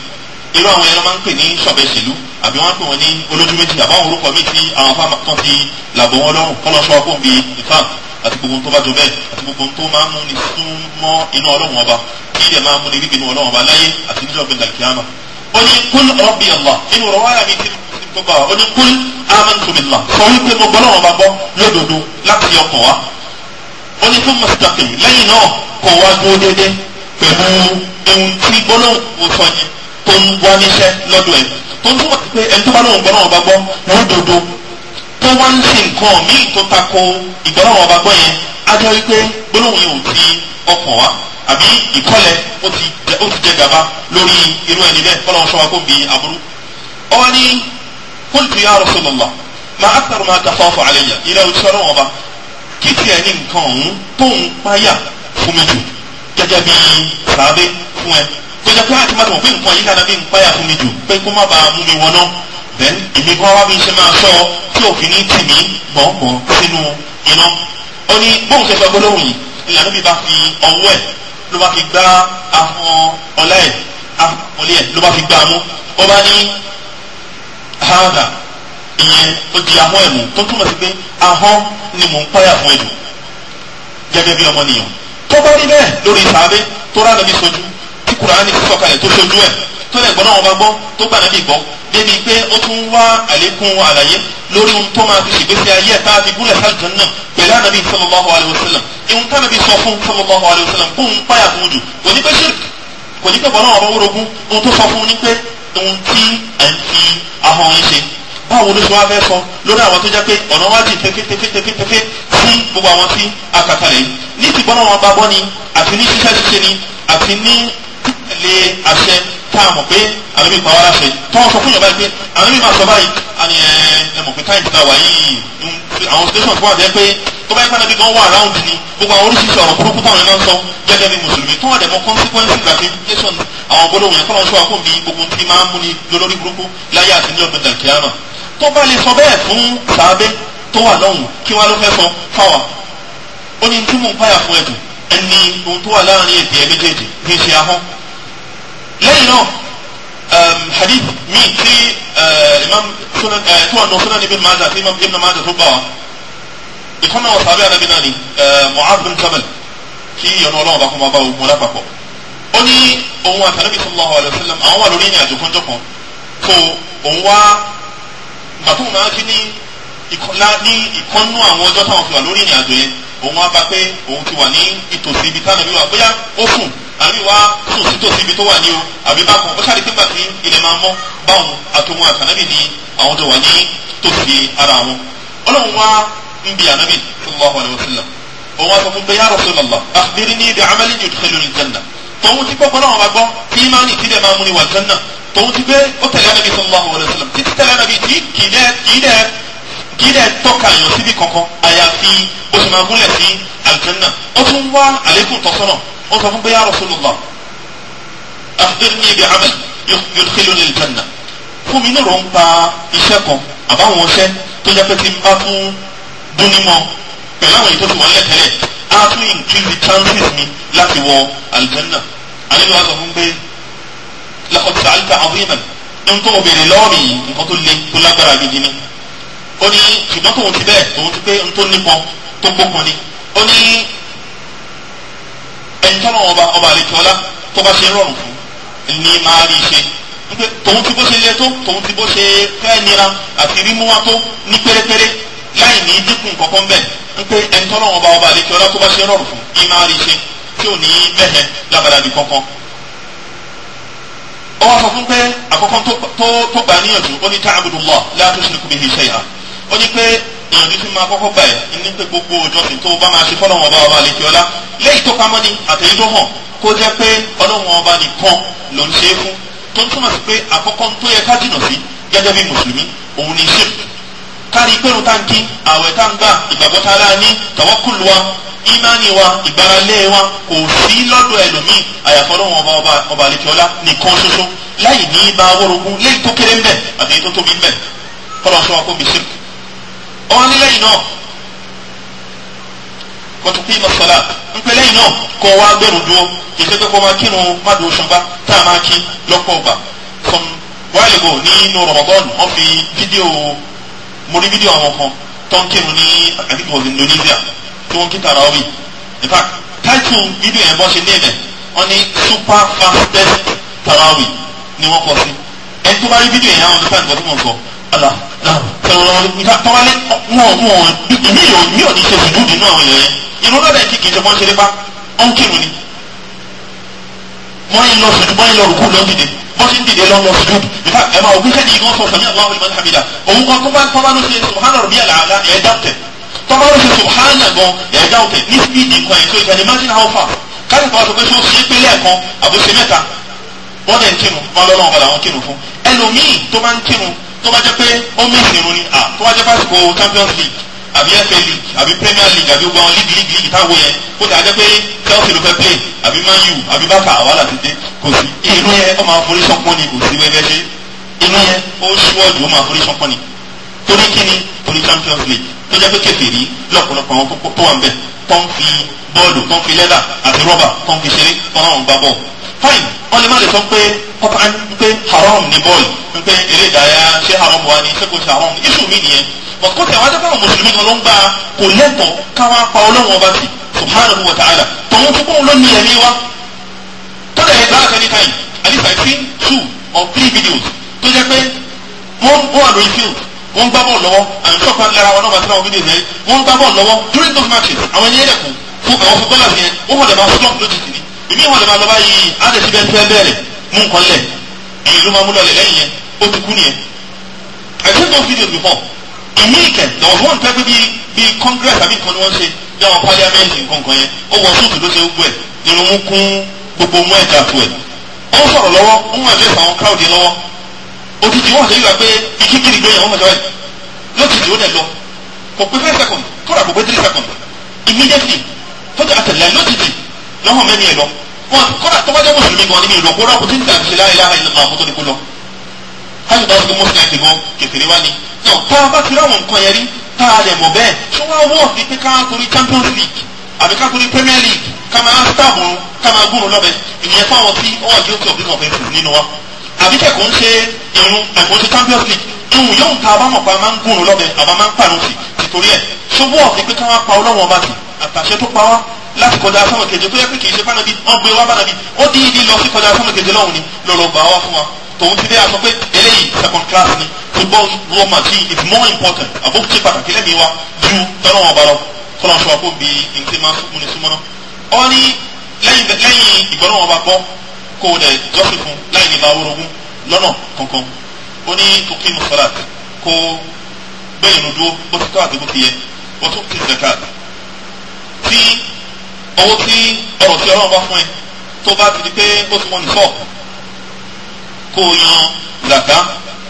[SPEAKER 1] irú àwọn ẹran máa ń pè ní sọ̀bẹ̀sìlú àbí wọ́n pè wọ́n ní olójú méjì àbáwọn orúkọ méjì àwọn afá kan fi làbọ̀ wọn lọ́rùn kọ́ sọ ọkùnrin bíi ìfáàmù àti gbogbo tó bá jọ bẹ́ẹ̀ àti gbogbo tó máa mú ni tó ń mọ inú ọlọ́run ọba kí ilẹ̀ máa mú ni níbi inú ọlọ́run ọba láyé àti níjọ́ gbẹ̀ngà kìáma ó ní kúl rabbi Allah inú ọ̀rọ̀ wáyà mi ti gbogbo àwọn ó ní kúl amantu billah sọ wípé mo gbọ́dọ̀ ọba gbọ́ lódodo láti ọkàn wa ó ní fún mọ̀sítàkì lẹ́yìn náà kọ̀ wá dúró déédéé pẹ̀lú ohun tí gbọ́dọ̀ òsàn yẹn tó tó wá ń lé nǹkan míì tó tako ìgbọ́láwọn ọba gbọ́ yẹn á jẹ́ wípé gbólóhùn yìí ò ti ọkàn wá àbí ìkọ́lẹ̀ ó ti jẹ gàba lórí irú ẹni bẹ́ẹ̀ kọ́lọ́wọ́n ṣọ́wá kó bí aburú. ọ ní qultu ya Rasulullah ma akthar ma takhafu alayya ilẹ̀ ojú ọlọ́wọ́n ọba kí tiẹ̀ ní nǹkan ọ̀hún tó ń páyà fún mi jù gẹ́gẹ́ bí sàábé fún ẹ tó jẹ́ pé àti má tó mọ̀ nǹkan yìí then èmi kọ́ wá bí ṣe máa sọ tí òfin ní tì mí gbọ̀ngbọ̀n sínú iná ó ní bóun ṣe sọ gbólóhùn yìí ìlànà bí bá fi ọwọ́ ẹ̀ ló bá fi gbá ahọ́n ọlá ẹ̀ ahọ́nmọ́lé ẹ̀ ló bá fi gbá mú ó bá ní hàdà ìyẹn ó di ahọ́n ẹ̀ mú tó túmọ̀ sí pé ahọ́n ni mò ń páyà fún ẹ̀dùn gẹ́gẹ́ bí ọmọnìyàn tó bá rí bẹ́ẹ̀ lórí sàábé tó rà lọ́bí sojú tí kùránì sísọ̀kalẹ̀ tó sojú ẹ̀ tó lè gbọ́ náà wọn bá gbọ́ tó gbà nábì gbọ́ débi pé ó tún ń wá àlékún àlàyé lórí ohun tó máa fi ṣègbésí ayé ẹ̀ta àti gúnlẹ̀ sálùjọ́n náà pẹ̀lú ànábì sallallahu alaihi wasallam ihun tánábì sọ fún sallallahu alaihi wasallam kó ń páyà fún jù kò ní pé ṣírk kò ní pé bọ́ náà wọn bá wórogún ohun tó sọ fún ní pé ohun tí à ń fi ahọ́n ń ṣe báwo ló ṣe wá fẹ́ sọ lórí àwọn tó jẹ́ pé ọ̀nà wá jì tẹ́fẹ́tẹ́fẹ́tẹ́fẹ́ sí gbogbo àwọn tí a kàkàlẹ̀ ní ti bọ́nà wọn gbàgbọ́ ni àti ní ṣíṣẹ́ ṣíṣe ni àti ní tẹ̀lé àṣẹ tá a mọ̀ pé àlọ́bí pa wá láṣẹ tó wọ́n sọ fún yàrá pé àlọ́bí máa sọ báyìí àni ẹ ẹ mọ̀ pé táyì tá a wà yìí àwọn station tó wà jẹ́ pé tó bá yẹ pàdé gan wà round ni gbogbo àwọn oríṣiríṣi ọ̀rọ̀ burúkú táwọn yẹn máa ń sọ gẹ́gẹ́ bí mùsùlùmí tó wà dẹ̀ mọ́ consequence ìgbà station àwọn gbólóhùn yẹn kọ́lọ́ọ̀ṣọ́ àkóńbí gbogbo tí máa ń múni lólórí burúkú láyé àti ní ọ̀gbìn dàkíyàmà tó bá lè sọ bẹ́ẹ̀ fún sàábé tó wà lọ́hùn kí wá ló fẹ́ sọ fáwa ó ní tí mò ń báyà fún ẹ̀dùn ẹni ohun tó wà láàrin èdè ẹ̀ méjèèjì kì í ṣe ahọ́n lẹ́yìn náà um, hadith mi ti uh, imam sunan uh, tí wọn nọ sunan ibn maza tí imam ibn maza tó gbà wá ìkànnà wọn sábẹ́ àdàbí náà ni uh, mu'adh bin jabal kí ìyọnu ọlọ́run bá kó máa bá ogun lápapọ̀ ó ní òun àtàlẹ́bí sallallahu alayhi wa sallam àwọn wà lórí ìrìn àjò kọ́njọ́ kan tó òun wá gbàtún náà kí ní ìkọ́nú àwọn ọjọ́ táwọn fi wà lórí ìrìn àjò yẹn òun wá bá pé òun ti wà ní ìtòsí ibi tánàbí wà bóyá ó sùn àbí wá sùn sí tòsí ibi tó wà ní o àbí bá kan ó ṣáà di pé gbàtí ilẹ̀ máa mọ́ báwọn àtòwọn àtànábì ni àwọn tó wà ní tòsí ara wọn ọlọ́run wá ń bi ànábì sallallahu alayhi wa sallam òun wá sọ fún pé ya Rasulullah akhbirni bi amalin yudkhiluni al-janna tòun ti gbọ́kọ́ náà wá gbọ́ tí imáni ti dẹ̀ máa mú ni wà janna tòun ti gbé ó tẹ̀lé ànábì sallallahu alayhi wa kí dẹ̀ tọ́ka lọ síbi kankan àyàfi bó ṣe máa gúnlẹ̀ sí àlùjànnà ó tún wá àlékún tọ́sọ́nà ó sọ fún pé ya Rasulullah akhbirni bi amal yudkhiluni al-janna fún mi náà ló ń pa iṣẹ́ kan àbáwọn iṣẹ́ tó jẹ́ pé tí n bá tún dúnímọ̀ pẹ̀lú àwọn ètò tí wọ́n lẹ̀ tẹ́lẹ̀ á tún increase the chances mi láti wọ àlùjànnà àlejò wa sọ fún pé laqad sa'alta 'aziman ohun tó o béèrè lọ́wọ́ mi yìí nǹkan tó le tó lágbára gidi ó ní ṣùgbọ́n tóun ti bẹ́ẹ̀ tóun ti pé n tó nípọn tó gbókun ni ó ní ẹni tọ́lọ̀ ọba ọba àlejò ọlá tó bá ṣe rọrùn fún ni máa rí i ṣe wípé tòun ti bó ṣe le tó tòun ti bó ṣe fẹ́ nira àti rímúwá tó ní pérépéré láì ní dínkù kankan bẹ́ẹ̀ wípé ẹni tọ́lọ̀ ọba ọba àlejò ọlá tó bá ṣe rọrùn fún ni máa rí i ṣe tí ò ní bẹ́ẹ̀ lábàdà kankan. ó sọ fún pé àkọ́kọ́ tó gbà níyànjú ó ní ta'budullah la tushriku bihi shay'an ó ní pé ìyànjú tí máa kọ́kọ́ gbà ẹ́ ní pé gbogbo ìjọsìn tó bá máa ṣe fọ́lọ́wọ́n ọba ọba àlejò ọlá léyìí tó pamọ́ ni àtẹ̀yìn tó hàn kó jẹ́ pé ọlọ́wọ́n ọba nìkan ló ń ṣe é fún tó ń túmọ̀ sí pé àkọ́kọ́ tó yẹ ká jìnà sí gẹ́gẹ́ bí mùsùlùmí òun ni ṣe kárí pé táǹkì àwẹ̀ táǹgbà ìgbàgbọ́ tára ní tàwákùlù wa ìmánì wa ìgbáralé wa kò sí lọ́dọ̀ ẹlòmíì àyàfọ́lọ́wọ́n ọba ọba àlejò ọlá nìkan ṣoṣo láì ní bá wọ́rọ̀gún léyìí tó kéré ń bẹ̀ àti tó tóbi ń bẹ̀ kọ́lọ́ sọ wa kó bí ṣírkì ọwọ́ ní lẹ́yìn náà wọ́n tún kí ìmọ̀ sọ́lá ń pẹ́ lẹ́yìn náà kọ́ wa gbẹ̀rù dúró kì í ṣe pé kó máa kírun ṣùgbọ́n tá a máa kí lọ́pọ̀ ọgbà fún wáyé nínú Ramadan wọ́n fi fídíò mo rí fídíò àwọn kan tó ń kírun ní àdìgbò Indonesia tí wọ́n kí tarawí in fact táìtù fídíò yẹn bọ́ ṣe ní ẹ̀mẹ̀ wọ́n ní super fastest tarawí ni wọ́n kọ sí ẹni tó bá rí fídíò yẹn àwọn tọ́wálé wọn wọn mi ò mi ò ní ṣe sùdúdì náà yẹn irun lọ́dẹ̀ kí kì í ṣe wọ́n ṣe nípa ó ń kírun ni wọ́n yìí lọ sùdúdì wọ́n yìí lọ rùkú lọ́n dìde wọ́n ti ń dìde lọ́n lọ sùdúdì nípa ẹ̀ máa òbí sẹ́ni ìgbọ́n sọ sàmì àwọn ìmọ̀ hàmìlà òun kan tó bá tọ́ba ló ṣe subhana rabi alaala ẹ̀ dáwọ̀tẹ̀ tọ́ba ló ṣe subhana gan ẹ̀ dáwọ̀tẹ̀ ní speed nǹkan ẹ̀ so you can imagine how far káyọ̀ kan sọ pé ṣé ó ṣe é pé lẹ́ẹ̀kan àbòṣe mẹ́ta wọ́n dẹ̀ ń kírun wọ́n lọ́nà ọ̀bàlà wọn kírun fún ẹlòmíì tó bá ń kírun tó bá jẹ́ pé ó mí ìsìnrún ni à tó bá jẹ́ pásìkò champions league àbí fa league àbí premier league àbí gbọ́n league league league táwọn yẹn kó tà á jẹ́ pé chelsea ló fẹ́ play àbí man u àbí barca wàhálà ti dé kò sí inú yẹn ó máa forí sánpọ́n ni kò sí wẹ́wẹ́ ṣe inú yẹn ó ṣíwọ́jú ó máa forí sánpọ́n ni torí kíni torí champions league tó jẹ́ pé kèfèrí lọ́pọ̀lọpọ̀ àwọn tó wà ń bẹ̀ kàn fi bọ́ọ̀lù kàn fi lẹ́dà àti rọ́bà kàn fi ṣeré kàn láwọn gbá bọ́ọ̀lù fine wọ́n lè má lè sọ pé kọ́pá pé haram ni bọ́ọ̀lù pé eré ìdárayá ṣé haram wa ni ṣé kò ṣe haram iṣu mi nìyẹn but kó tẹ àwọn adébáwọn mùsùlùmí kan ló ń gbà kò lẹ́tọ̀ọ́ káwá pa ọlọ́run ọba sí subhanahu wa ta'ala tòun tó kóun ló ní ẹ̀mí wa tó dẹ̀ bá àtẹni time at least I seen two or three videos tó jẹ́ pé wọ́n wà lórí wọ́n gbá bọ́ọ̀lù lọ́wọ́ àwọn tó pa lára wọn náà máa tẹ́lá wọn fídíò yẹn wọ́n gbá bọ́ọ̀lù lọ́wọ́ during those matches àwọn ẹni ẹ̀dẹ̀kù fún àwọn footballers yẹn wọ́n kọ̀ dẹ̀bà slump lójijì ni ìmí ìwọ̀n dẹ̀bà lọ́ba yìí adẹ̀sí bẹ́ẹ̀ tẹ́ bẹ́ẹ̀rẹ̀ mú nǹkan lẹ̀ èyí ló máa mú lọ lẹ́yìn yẹn ó ti kú nìyẹn. I seen those videos before ìmí ìkẹ̀ there was one pẹ́pẹ́ bíi bíi congress àbí nǹkan ni wọ́n ṣe bí àwọn parliament nǹkan yẹn ó wọ súùtù ló ṣe gbogbo ẹ̀ irun mú kún gbogbo mú ẹ̀dá tó ẹ̀ ó sọ̀rọ̀ lọ́wọ́ ó mú ẹ̀dẹ́sì àwọn crowd yẹn lọ́wọ́ òtítì wọn sọ yíwa pé ikí kiri gbé yẹn wọn sọ yẹn lọ́tìtì ó dẹ̀ lọ kò pé five seconds kódà kò pé three seconds immediately tọ́jú àtẹ̀lẹ́ lọ́tìtì lọ́hùn mẹ́ni ẹ̀ lọ wọn kódà tó bá jẹ́ mùsùlùmí gan nínú ìlú kó rà kó tí ń tà ṣe láyé láyé máa kó tó ní kó lọ. káyọ̀ bá ṣe mọ́sí àti gan kékeré wá ni náà tá a bá fi ráwọn nǹkan yẹn rí tá a lè mọ̀ bẹ́ẹ̀ ṣé wọ́n wọ̀ ní pé ká torí Champions League àbí ká torí Premier League ká máa sábùrún ká máa gúnrún lọ́bẹ̀ ìyẹn fáwọn tí ó wà ní òkè òbí kan fẹ́ fún àbíkẹ́ kò ń ṣe irun àkó ṣe champions league irun yóò ta abámọ̀ pa máa ń gùn lọ́bẹ̀ àbá máa ń pàrọ̀ sí tìtorí ẹ̀ ṣubú ọ̀sìn pé káwọn pa ọlọ́wọ́n ọba sí àtàṣe tó pa wá láti kọjá sọ́mọ̀ keje tó yẹ pé kì í ṣe bánabí wọ́n gbé wá bánabí ó dín ibi lọ sí kọjá sọ́mọ̀ keje lọ́hùn ni lọ́rọ̀ gbà wá fún wa tòun ti dé a sọ pé eléyìí second class ni football world match is more important àbókù ṣe pàtàkì lẹ́mìí wa ju tọ́lọ́wọ́n ọba lọ kọ́lọ́ ṣọ́ àpò bíi nǹkan máa ń múni súnmọ́ náà. ọ ní lẹ́yìn ìgbọ́lọ́wọ́n ọba gbọ́ kó o dẹ̀ jọ́sìn fún láì ní máa wórogún lọ́nà kankan ó ní tókè mùsọ̀lá kó gbẹ̀yìn dúró bó ti tọ́ àti bó ti yẹ wọ́n tó kí zakat tí owó tí ọ̀rọ̀ tí ọlọ́run bá fún ẹ tó bá ti di pé ó ti wọ́n nìfọ̀ kó o yan zaka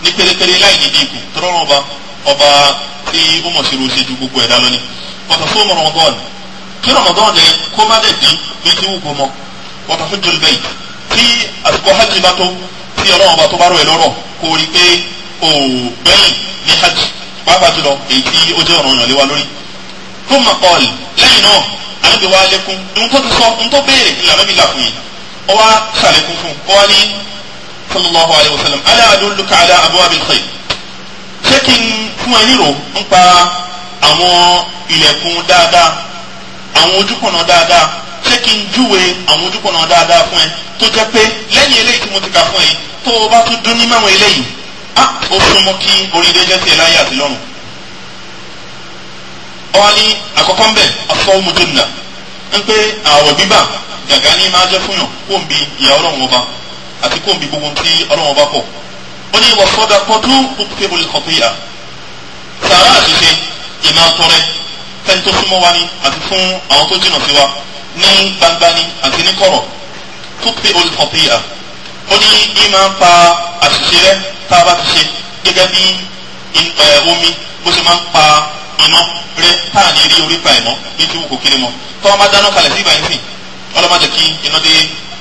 [SPEAKER 1] ní pérépéré láì ní dínkù tọ́lọ́run ọba ọba tí ó mọ̀ sí roṣe ju gbogbo ẹ̀dá lọ́ni wọ́n fún ọmọ rọmọdọ́ọ̀nù kí rọmọdọ́ọ̀nù kó má dẹ̀ dín bí ti wù kó mọ́ wọ́n fún jùlọ bẹ́ẹ̀ tí àsìkò hajj bá tó tí ọlọ́run bá tó bá rọ̀ ẹ̀ lọ́rọ̀ kó rí pé o bẹ́yìn ní hajj pàápàá jùlọ èyí tí ó jẹ́ ọ̀ràn ìrànlẹ́wà lórí. fún makọ́ọ̀lì lẹ́yìn náà àlejò wa lékún ohun tó ti sọ ohun tó béèrè ìlànà mi là fún yìí ó wá ṣàlékún fún ó wá ní sallallahu alayhi wa sallam ala adulluka ala abwabil khayr ṣé kí n fún ẹ nírò nípa àwọn ilẹ̀kùn dáadáa àwọn ojúkùnà dáadáa ṣé kí n júwe àwọn ojúkùnà dáadáa fún ẹ tó jẹ́ pé lẹ́yìn eléyìí tí mo ti kà fún ẹ tó o bá tún dún ní mẹ́wọ̀n eléyìí á o fún mọ́ kí oríire jẹ́ sí ẹ láyé àti lọ́run. ọ̀wá ní àkọ́kọ́ ń bẹ̀ afọ́mùdúnà ń pé àwọ̀ gbígbà gàgà ní máa jẹ́ fún yàn kó n bi ìyá ọlọ́run ọba àti kó n bi gbogbo tí ọlọ́run ọba pọ̀ ó ní wọ́n fọ́dà pọ́tú kó kébùlù kọ̀ọ̀kì sàrà àṣìṣe ìmọ̀ àtọ́rẹ́ fẹ́ni tó súnmọ́ wa ni àti fún àwọn tó jìnnà sí wa ní gbangba ni àti ní kọ̀rọ̀ tó pé olùkọ́pẹ́ ó ní í máa ń pa àṣìṣe rẹ tá a bá ti ṣe gẹ́gẹ́ bí omi bó ṣe máa ń pa iná rẹ tá à ní rí orí pa ìmọ̀ ní tí wù kó kéré mọ́ tó wọn bá dáná kalẹ̀ sí ìgbà yìí sì ọlọ́mọdé kí iná dé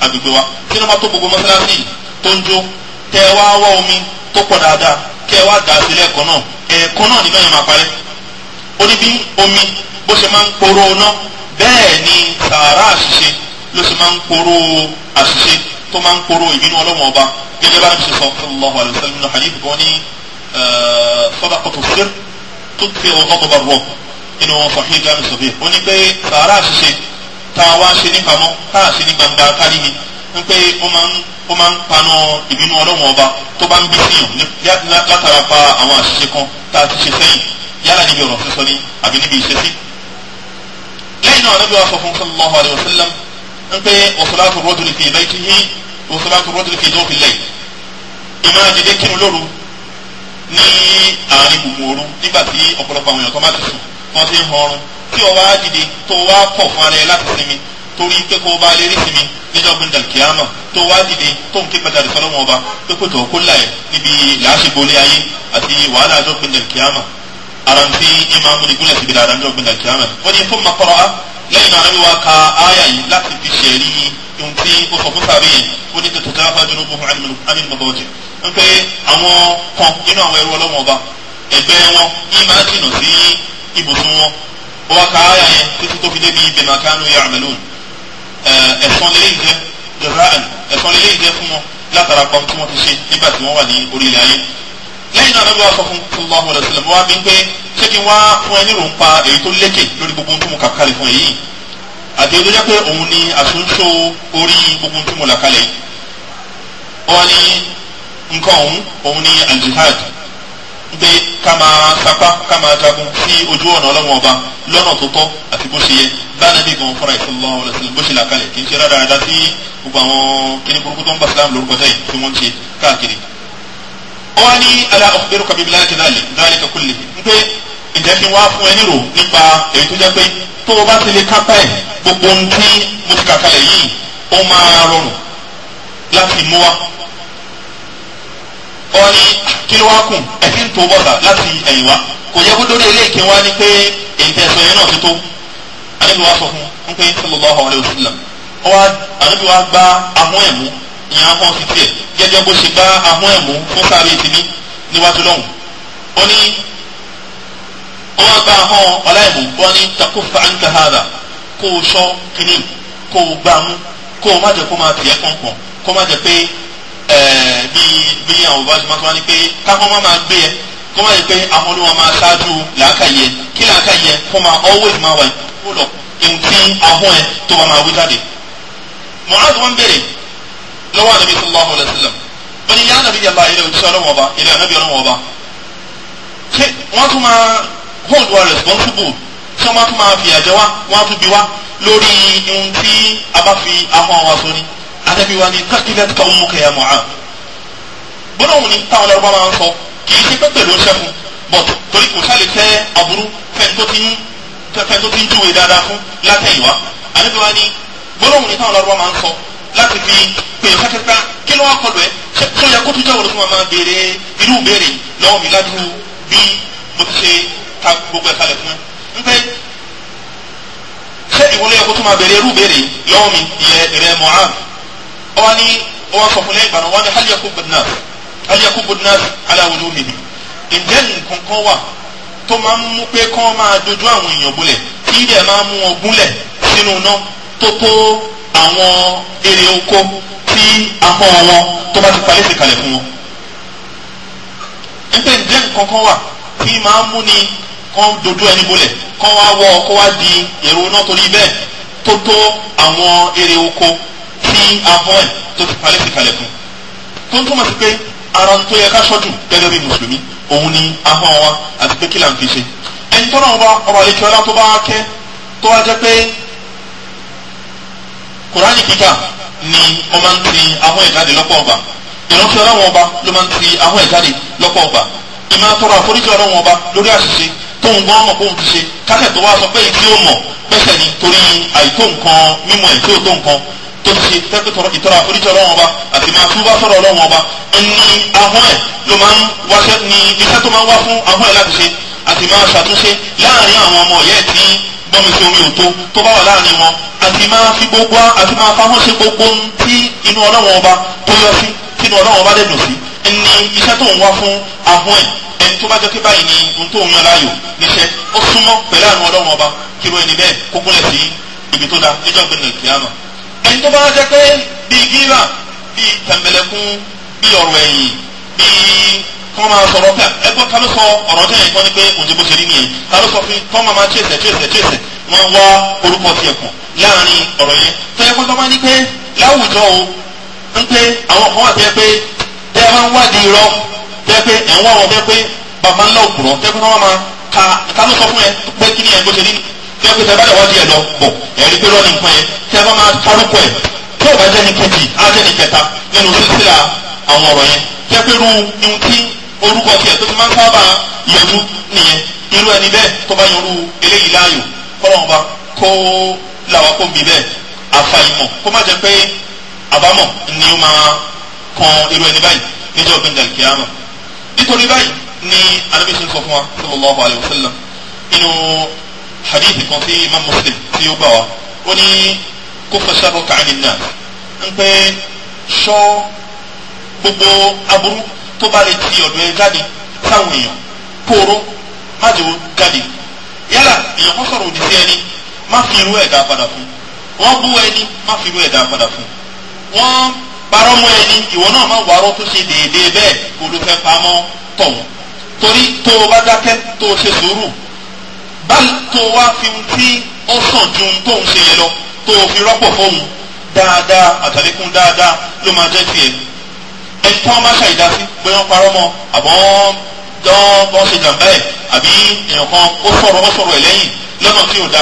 [SPEAKER 1] agbègbè wa tí iná bá tó gbogbo mọ́sálásí tó ń jó tẹ wá wá omi tó pọ̀ dáadáa kẹ wá dà ó ní bí omi bó ṣe máa ń poró ná bẹ́ẹ̀ ni sàárà àṣìṣe ló ṣe máa ń poró àṣìṣe tó máa ń poró ìbínú ọlọ́wọ́n ọba gẹ́gẹ́ bá ń ṣe sọ sallallahu alaihi wasallam nínú hadith wọn ní eh, sadaqatu sirr tó fi ọgọ́ bọ̀ bá rọ̀ nínú wọn sahih jáde sọ̀bí ó ní pé sàárà àṣìṣe tá a wá ṣe ní pamọ́ tá a ṣe ní gbangba kárí ni wípé ó ó máa ń paná ìbínú ọlọ́wọ́n ọba tó bá ń bí síyàn látara pa àwọn àṣìṣe kan tá a ti ṣe sẹ́yìn yálà níbi ọ̀rọ̀ sísọ ni àbí níbi ìṣesí lẹ́yìn náà Ànábì wa sọ fún sallallahu alayhi wa sallam ń pé ọ̀sọ̀láàtò rọ́dùlì fi baytihi ọ̀sọ̀láàtò rọ́dùlì fi dọ́ọ̀fì lẹ́yìn ìmọ̀ àdìdé kírun lóru ní àárín gbogbo òru nígbà tí ọ̀pọ̀lọpọ̀ àwọn èèyàn kan bá ti sùn wọ́n ti ń họrun tó wá dìde tó n ké gbẹ̀dàrí sọ́lọ́mù ọba pé kó tọ̀ kó láyẹ̀ níbi làásìgbò ilé ayé àti wàhálà àjọ gbẹ̀ndàn kìámà ara ti imaamu ni gúnlẹ̀ síbi dáadáa ní ọ̀gbìn nàìjíríà wọ́n ní fún makọ́rọ̀ á lẹ́yìn náà wíwá ka àyà yìí láti fi ṣẹ̀rí ohun tí ó sọ fún sàbẹ̀ yẹn ó ní tètè ká bá dúró gbóhùn ánìmọ̀ mọ̀gọ́jẹ̀ ń pé àwọn kan nínú àwọn ẹrú ọlọ́wọ́n ọba ẹgbẹ́ wọn yìí máa sí ibùsùn wọn ó wá ka àyà yẹn títí tó fi débi ibẹ̀ màkánú yà àmẹ́lónì ẹ̀sán lélẹ́yìn jẹ́ jọ̀rọ̀ ẹ̀sán lélẹ́yìn jẹ́ fún wọn látara pa tí wọ́n ti ṣe nígbà tí wọ́n wà ní orílẹ̀ ayé lẹ́yìn náà lọ́dọ̀ sọ fún sallallahu alaihi wasallam wá bí pé ṣé kí wá fún ẹni rò ń pa èyí tó lékè lórí gbogbo tó mu kàkálẹ̀ fún èyí àti èyí tó jẹ́ pé òun ni àtúnṣe orí gbogbo tó mu làkàlẹ̀ yìí ó wá ní nǹkan òun òun ni al-jihad pé ká máa sapá ká máa jagun sí ojú ọ̀nà ọlọ́run ọba lọ́nà tó tọ́ àti bó ṣe yẹ báyìí bí gan fúnra ìṣòlò ọ̀rọ̀ sílẹ̀ bó ṣe là kalẹ̀ kì í ṣe rárá dáadáa sí gbogbo àwọn kíní burúkú tó ń bá sílámù lórúkọ sẹ́yìn tí wọ́n ń ṣe káàkiri ọwọ́ ní ala ukhbiruka bíbí láti dhalika dhalika kulli nígbè ìjẹ́ fi wá fún ẹni rò nípa èyí tó jẹ́ pé tó o bá ti lè kápá ẹ̀ gbogbo ohun tí mo ti kàkalẹ̀ yìí ó máa rọrùn láti mú wa ọwọ́ ní kí ló wá kù ẹ̀sìn tó bọ̀dà láti ẹ̀yìn wa kò yẹ kó dórí ilé ìkín ni pé èyí tẹ̀ yẹn náà ti tó àníbi wa sọ fún un pé sallallahu alaihi wasallam ìyẹn ahọ́n fi tiẹ̀ gẹ́gẹ́ bó ṣe bá ahọ́n ẹ̀ mú fún sáré tìbí níwájú lọ́hùn ó ní ó wá gba ahọ́n ọláìmú ó ní takò fáńkà hàdà kó o ṣọ́ kínní kó o gbá mú kó o má jẹ́ kó máa tiẹ̀ pọ̀npọ̀n kó má jẹ́ pé eh, bí bí àwọn bá ṣe máa tó wá ní pé káwọn má máa gbé ẹ kó má jẹ́ pé ahọ́n ló máa ṣáájú làákàyè kí làákàyè kó máa always máa wà ìkúlọ̀ ìhun tí ahọ́n ẹ tó wọn máa wí jáde mọ̀ọ́dún wọn bèrè lọ́wọ́ ànábi sallallahu alayhi wa sallam wọ́n ní yá nàbí yàrá ilé òjíṣẹ́ ọlọ́wọ́ ọba ilé ànábi ọlọ́wọ́ ọba ṣé wọ́n tún máa hold wa responsible ṣé wọ́n tún máa fìyà jẹ wá wọ́n tún bi wá lórí ohun tí a bá fi ahọ́n wa sọ ni ànábi wa ni kákìlẹ̀ tó ń mú kẹ́yà mọ́ àá gbọ́dọ̀ ni táwọn ọlọ́wọ́ máa ń sọ kì í ṣe pẹ́pẹ́ ló ń ṣẹ́kun but torí kò sálẹ̀ fẹ́ aburú fẹ́ni ń júwe dáadáa fún látẹ̀yìnwá ànábi wa ni gbọ́dọ̀ ni táwọn ọlọ́wọ́ máa ń sọ láti fi pè é fún pípa kí ló wá kọlù ẹ ṣé tó yẹ kó tún jẹ́ òrùn fún wa máa béèrè irú béèrè lọ́wọ́ mi ládùúgbò bí mo ti ṣe ta gbogbo ẹ̀ kalẹ̀ fún ẹ ń pẹ́ ṣé ìwọlé yẹ kó tún máa béèrè irú béèrè lọ́wọ́ mi ìyẹn ìrẹ́ mọ̀án ọ wá ní ọ wá sọ fún lẹ́yìn ìgbàna wá ní hali yakub nas hali yakub nas mi ni ǹjẹ́ nǹkan kan wà tó máa ń mú pé kán máa dojú àwọn èèyàn bolẹ̀ kí ilẹ̀ máa mú wọn sínú náà tó tó àwọn èrè oko tí ahọ́ wọn tó bá ti palẹ́ sí kalẹ̀ fún wọn. nípa ìdílé nǹkan kan wà tí máa ń múni kán dojú ẹni bolẹ̀ kán wá wọ kó wá di èrò náà torí bẹ́ẹ̀ tó tó àwọn èrè oko tí ahọ́ ẹ̀ tó ti palẹ́ sí kalẹ̀ fún. tó ń túmọ̀ sí pé ara tó yẹ ká ṣọ́jú gẹ́gẹ́ bí mùsùlùmí òun ni ahọ́n wa àti pé kí là ń fi ṣe. ẹni tó náà ọba ọba àlejò ọlá tó bá kẹ́ tó wá jẹ́ pé kùránì kíkà ni ó máa ń ti ahọ́n ẹ̀ jáde lọ́pọ̀ ọgbà ìrántí ọlọ́wọ́n ọba ló máa ń ti ahọ́n ẹ̀ jáde lọ́pọ̀ ọgbà ìmọ̀ àtọ́rọ̀ àforíjì ọlọ́wọ́n ọba lórí àṣìṣe tóun gbọ́n mọ̀ kóun ti ṣe kásẹ̀ tó wá sọ pé ìdí ó mọ̀ pẹ́sẹ̀ ni torí àìtó nǹkan mímọ̀ èyí tó tó nǹkan tó ti ṣe tẹ́pẹ́ tọrọ ìtọ́ra àforíjì ọlọ́wọ́n ọba àti máa túbá sọ̀rọ̀ ọlọ́wọ́n ọba ní ahọ́n ẹ̀ ló máa ń wáṣẹ́ ní iṣẹ́ tó máa ń wá fún ahọ́n ẹ̀ láti ṣe àti máa ṣàtúnṣe láàárín àwọn ọmọ ọ̀yẹ́ tí bọ́mi sí omi òtó tó bá wà láàrin wọn àti máa fi gbogbo àti máa fáwọn ṣe gbogbo tí inú ọlọ́wọ́n ọba tó yọ sí tí inú ọlọ́wọ́n ọba dẹ̀dùn sí ẹni iṣẹ́ tó ń wá fún ahọ́n ẹ̀ ẹni tó bá jẹ́ pé báyìí ni ohun tó ń yan láàyò níṣẹ́ ó súnmọ́ pẹ̀lú àánú ọlọ́wọ́n ọba kíro ẹni bẹ́ẹ̀ kó gúnlẹ̀ sí ibi tó da níjọ́ gbẹ̀ngàn kìámà ẹni tó bá jẹ́ pé bíi gíra bíi tẹ̀m̀bẹ̀lẹ̀kún bíi ọ̀rọ̀ ẹ̀yìn bíi kọ́ máa sọ̀rọ̀ pé ẹgbẹ́ ká ló sọ ọ̀rọ̀ ọjọ́ yẹn kọ́ ni pé òjò bó ṣe rí nìyẹn ká ló sọ fún kọ́ máa máa chase chase chase wọ́n wá orúkọ tiẹ̀ kù láàrin ọ̀rọ̀ yẹn tó yẹ kó tó máa ní pé láwùjọ o ń pé àwọn kan wà tẹ́ pé tẹ́ máa ń wádìí irọ́ tẹ́ pé ẹ̀ ń wá wọn tẹ́ pé bàbá ńlá òkùrọ̀ tẹ́ pé wọ́n máa ka ká ló sọ fún ẹ pé kí ni ẹ̀ bó ṣe rí tẹ́ pé tẹ́ bá lè wádìí ẹ̀ lọ bọ̀ ẹ̀ rí pé lọ́ọ̀nì nǹkan orúkọ tiẹ̀ tó ti máa ń sábà yọjú nìyẹn irú ẹni bẹ́ẹ̀ tó bá yọrú eléyìí láàyò kọ́lọ́n ọba kó làwọn kó bì bẹ́ẹ̀ àfàìmọ̀ kó má jẹ́ pé àbámọ̀ ni ó máa kan irú ẹni báyìí níjọ́ gbẹ̀ngàn kìámà nítorí báyìí ni anábì ṣe ń sọ fún wa sallallahu alayhi wa sallam inú hadithi kan tí imam muslim tí ó gbà wá ó ní kó fẹsẹ̀ rọ̀ kàánì náà ń pẹ́ sọ gbogbo aburú tó bá lè ti ọ̀dọ̀ ẹ jáde sáwọn èèyàn kóró má jẹ́wọ́ jáde yálà èèyàn kó sọ̀rọ̀ òdì sí ẹni má fi irú ẹ̀dá padà fún wọ́n bú ẹni má fi irú ẹ̀dá padà fún wọ́n parọ́ mọ́ ẹni ìwọ náà má wàárọ̀ tó ṣe déédéé bẹ́ẹ̀ kó ló pamọ́ tọ̀ wọ́n torí tó o bá dákẹ́ tó o ṣe sùúrù báyìí tó o wá fi ohun tí ó sàn ju ohun tó ń ṣe yẹn lọ tó o fi rọ́pò fóun dáadáa àtàlékún dáadáa ló máa jẹ́ tiẹ̀ ẹni tí wọ́n bá ṣàìdá sí pé wọ́n parọ́ mọ́ àbọ̀ dán bọ́n ṣe jàǹbá ẹ̀ àbí èèyàn kan ó sọ̀rọ̀ wọ́n sọ̀rọ̀ ẹ̀ lẹ́yìn lọ́nà tí ò da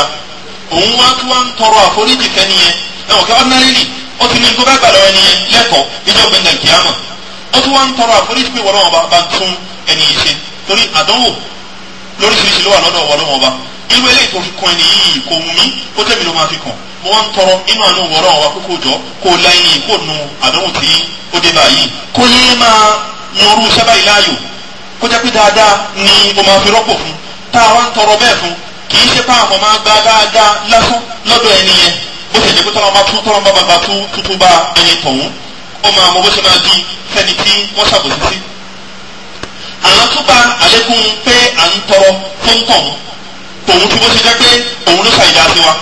[SPEAKER 1] òun wá kí wọ́n ń tọrọ àforíjì fẹ́ni yẹn ẹ̀wọ̀n kí ordinarily ó ti ní tó bá gbàdọ̀ ẹni yẹn lẹ́kọ̀ọ́ ìjọ gbẹ̀ngàn kìámà ó tún wá ń tọrọ àforíjì pé wọ́n bá tún ẹni yìí ṣe torí àdánwò lóríṣiríṣi ló wà lọ́dọ̀ wọ́n lọ́wọ́ irú eléyìí tó fi kàn ẹni yìí kò wù mí kó tẹ̀mí ló máa fi kàn mo wá ń tọrọ inú àánú wọ̀rọ̀ wa kókó jọ kó lẹ́yìn kó nu àdánwò tí ó dé báyìí kó yé máa yanrú sábà ìláyò kó jẹ́ pé dáadáa ni o máa fi rọ́pò fún tá a wá ń tọrọ bẹ́ẹ̀ fún kì í ṣe báwọn máa gba dáadáa lásán lọ́dọ̀ ẹni yẹn bó ṣe jẹ́ pé tọ́lọ́ bá tún tọ́lọ́ bá bàbá tún tuntun bá ẹni tọ̀hún ó máa mọ bó ṣe máa di fẹ́ni tí wọ́n ṣàbòsí sí. àwọn tó bá àlékún pé à ń tọrọ tó ń tọ̀hún tòun tí wọ́n ṣe jẹ́ pé òun ló ṣàìdá sí wa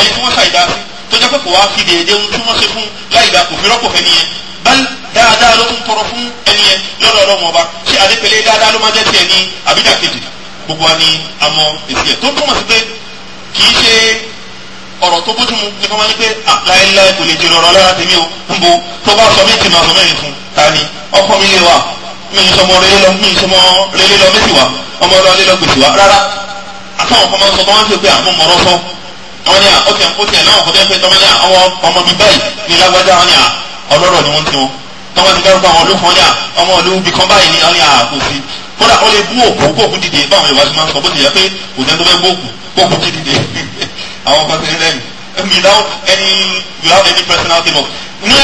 [SPEAKER 1] ẹni tí wọ́n ṣàìdá sí tó jẹ́ pé kò wá fi dèédé ohun tí wọ́n ṣe fún láìdá kò fi rọ́pò fẹ́ni yẹn báyìí dáadáa ló tún tọrọ fún ẹni yẹn lọ́dọ̀ ọlọ́run ọba ṣé adépele dáadáa ló máa jẹ́ tiẹ̀ ní àbídà kejì gbogbo wa ni àmọ́ èsì ẹ̀ tó túmọ̀ sí pé kì í ṣe ọ̀rọ̀ tó bójú mu ní kọ́mọ́ pé láéláé kò lè jẹ ọ̀rọ̀ lára tèmi o ń bo tó bá sọ méjì máa sọ mẹ́rin fún ta ni ọkọ mi lè wà mi ì sọmọ relé lọ mi ì sọmọ relé lọ méjì wà ọmọ ọlọ́ọ̀lẹ́ lọ gbèsè wà rárá táwọn ọkọ máa ń sọ tọ́wọ́n sì pé àwọn mọ̀rọ́ sọ wọn ni ó tiẹ̀ ó tiẹ̀ láwọn ọkọ tẹ́ pé tọ́wọ́n ní àwọn ọmọ bíi báyìí ní lágbájá wọn ni ọlọ́rọ̀ ni wọ́n ti wọn tọ́wọ́n ti dárúkọ àwọn olófin wọn ni ọmọ olówó bíi kan báyìí ni wọn ni àkó sí kódà ó lè bú òkú kókú dìde báwọn Yorùbá ti máa ń sọ bó ti pé kò tó fẹ́ bó òkú kókú ti dìde àwọn um, without any without any personal favor ní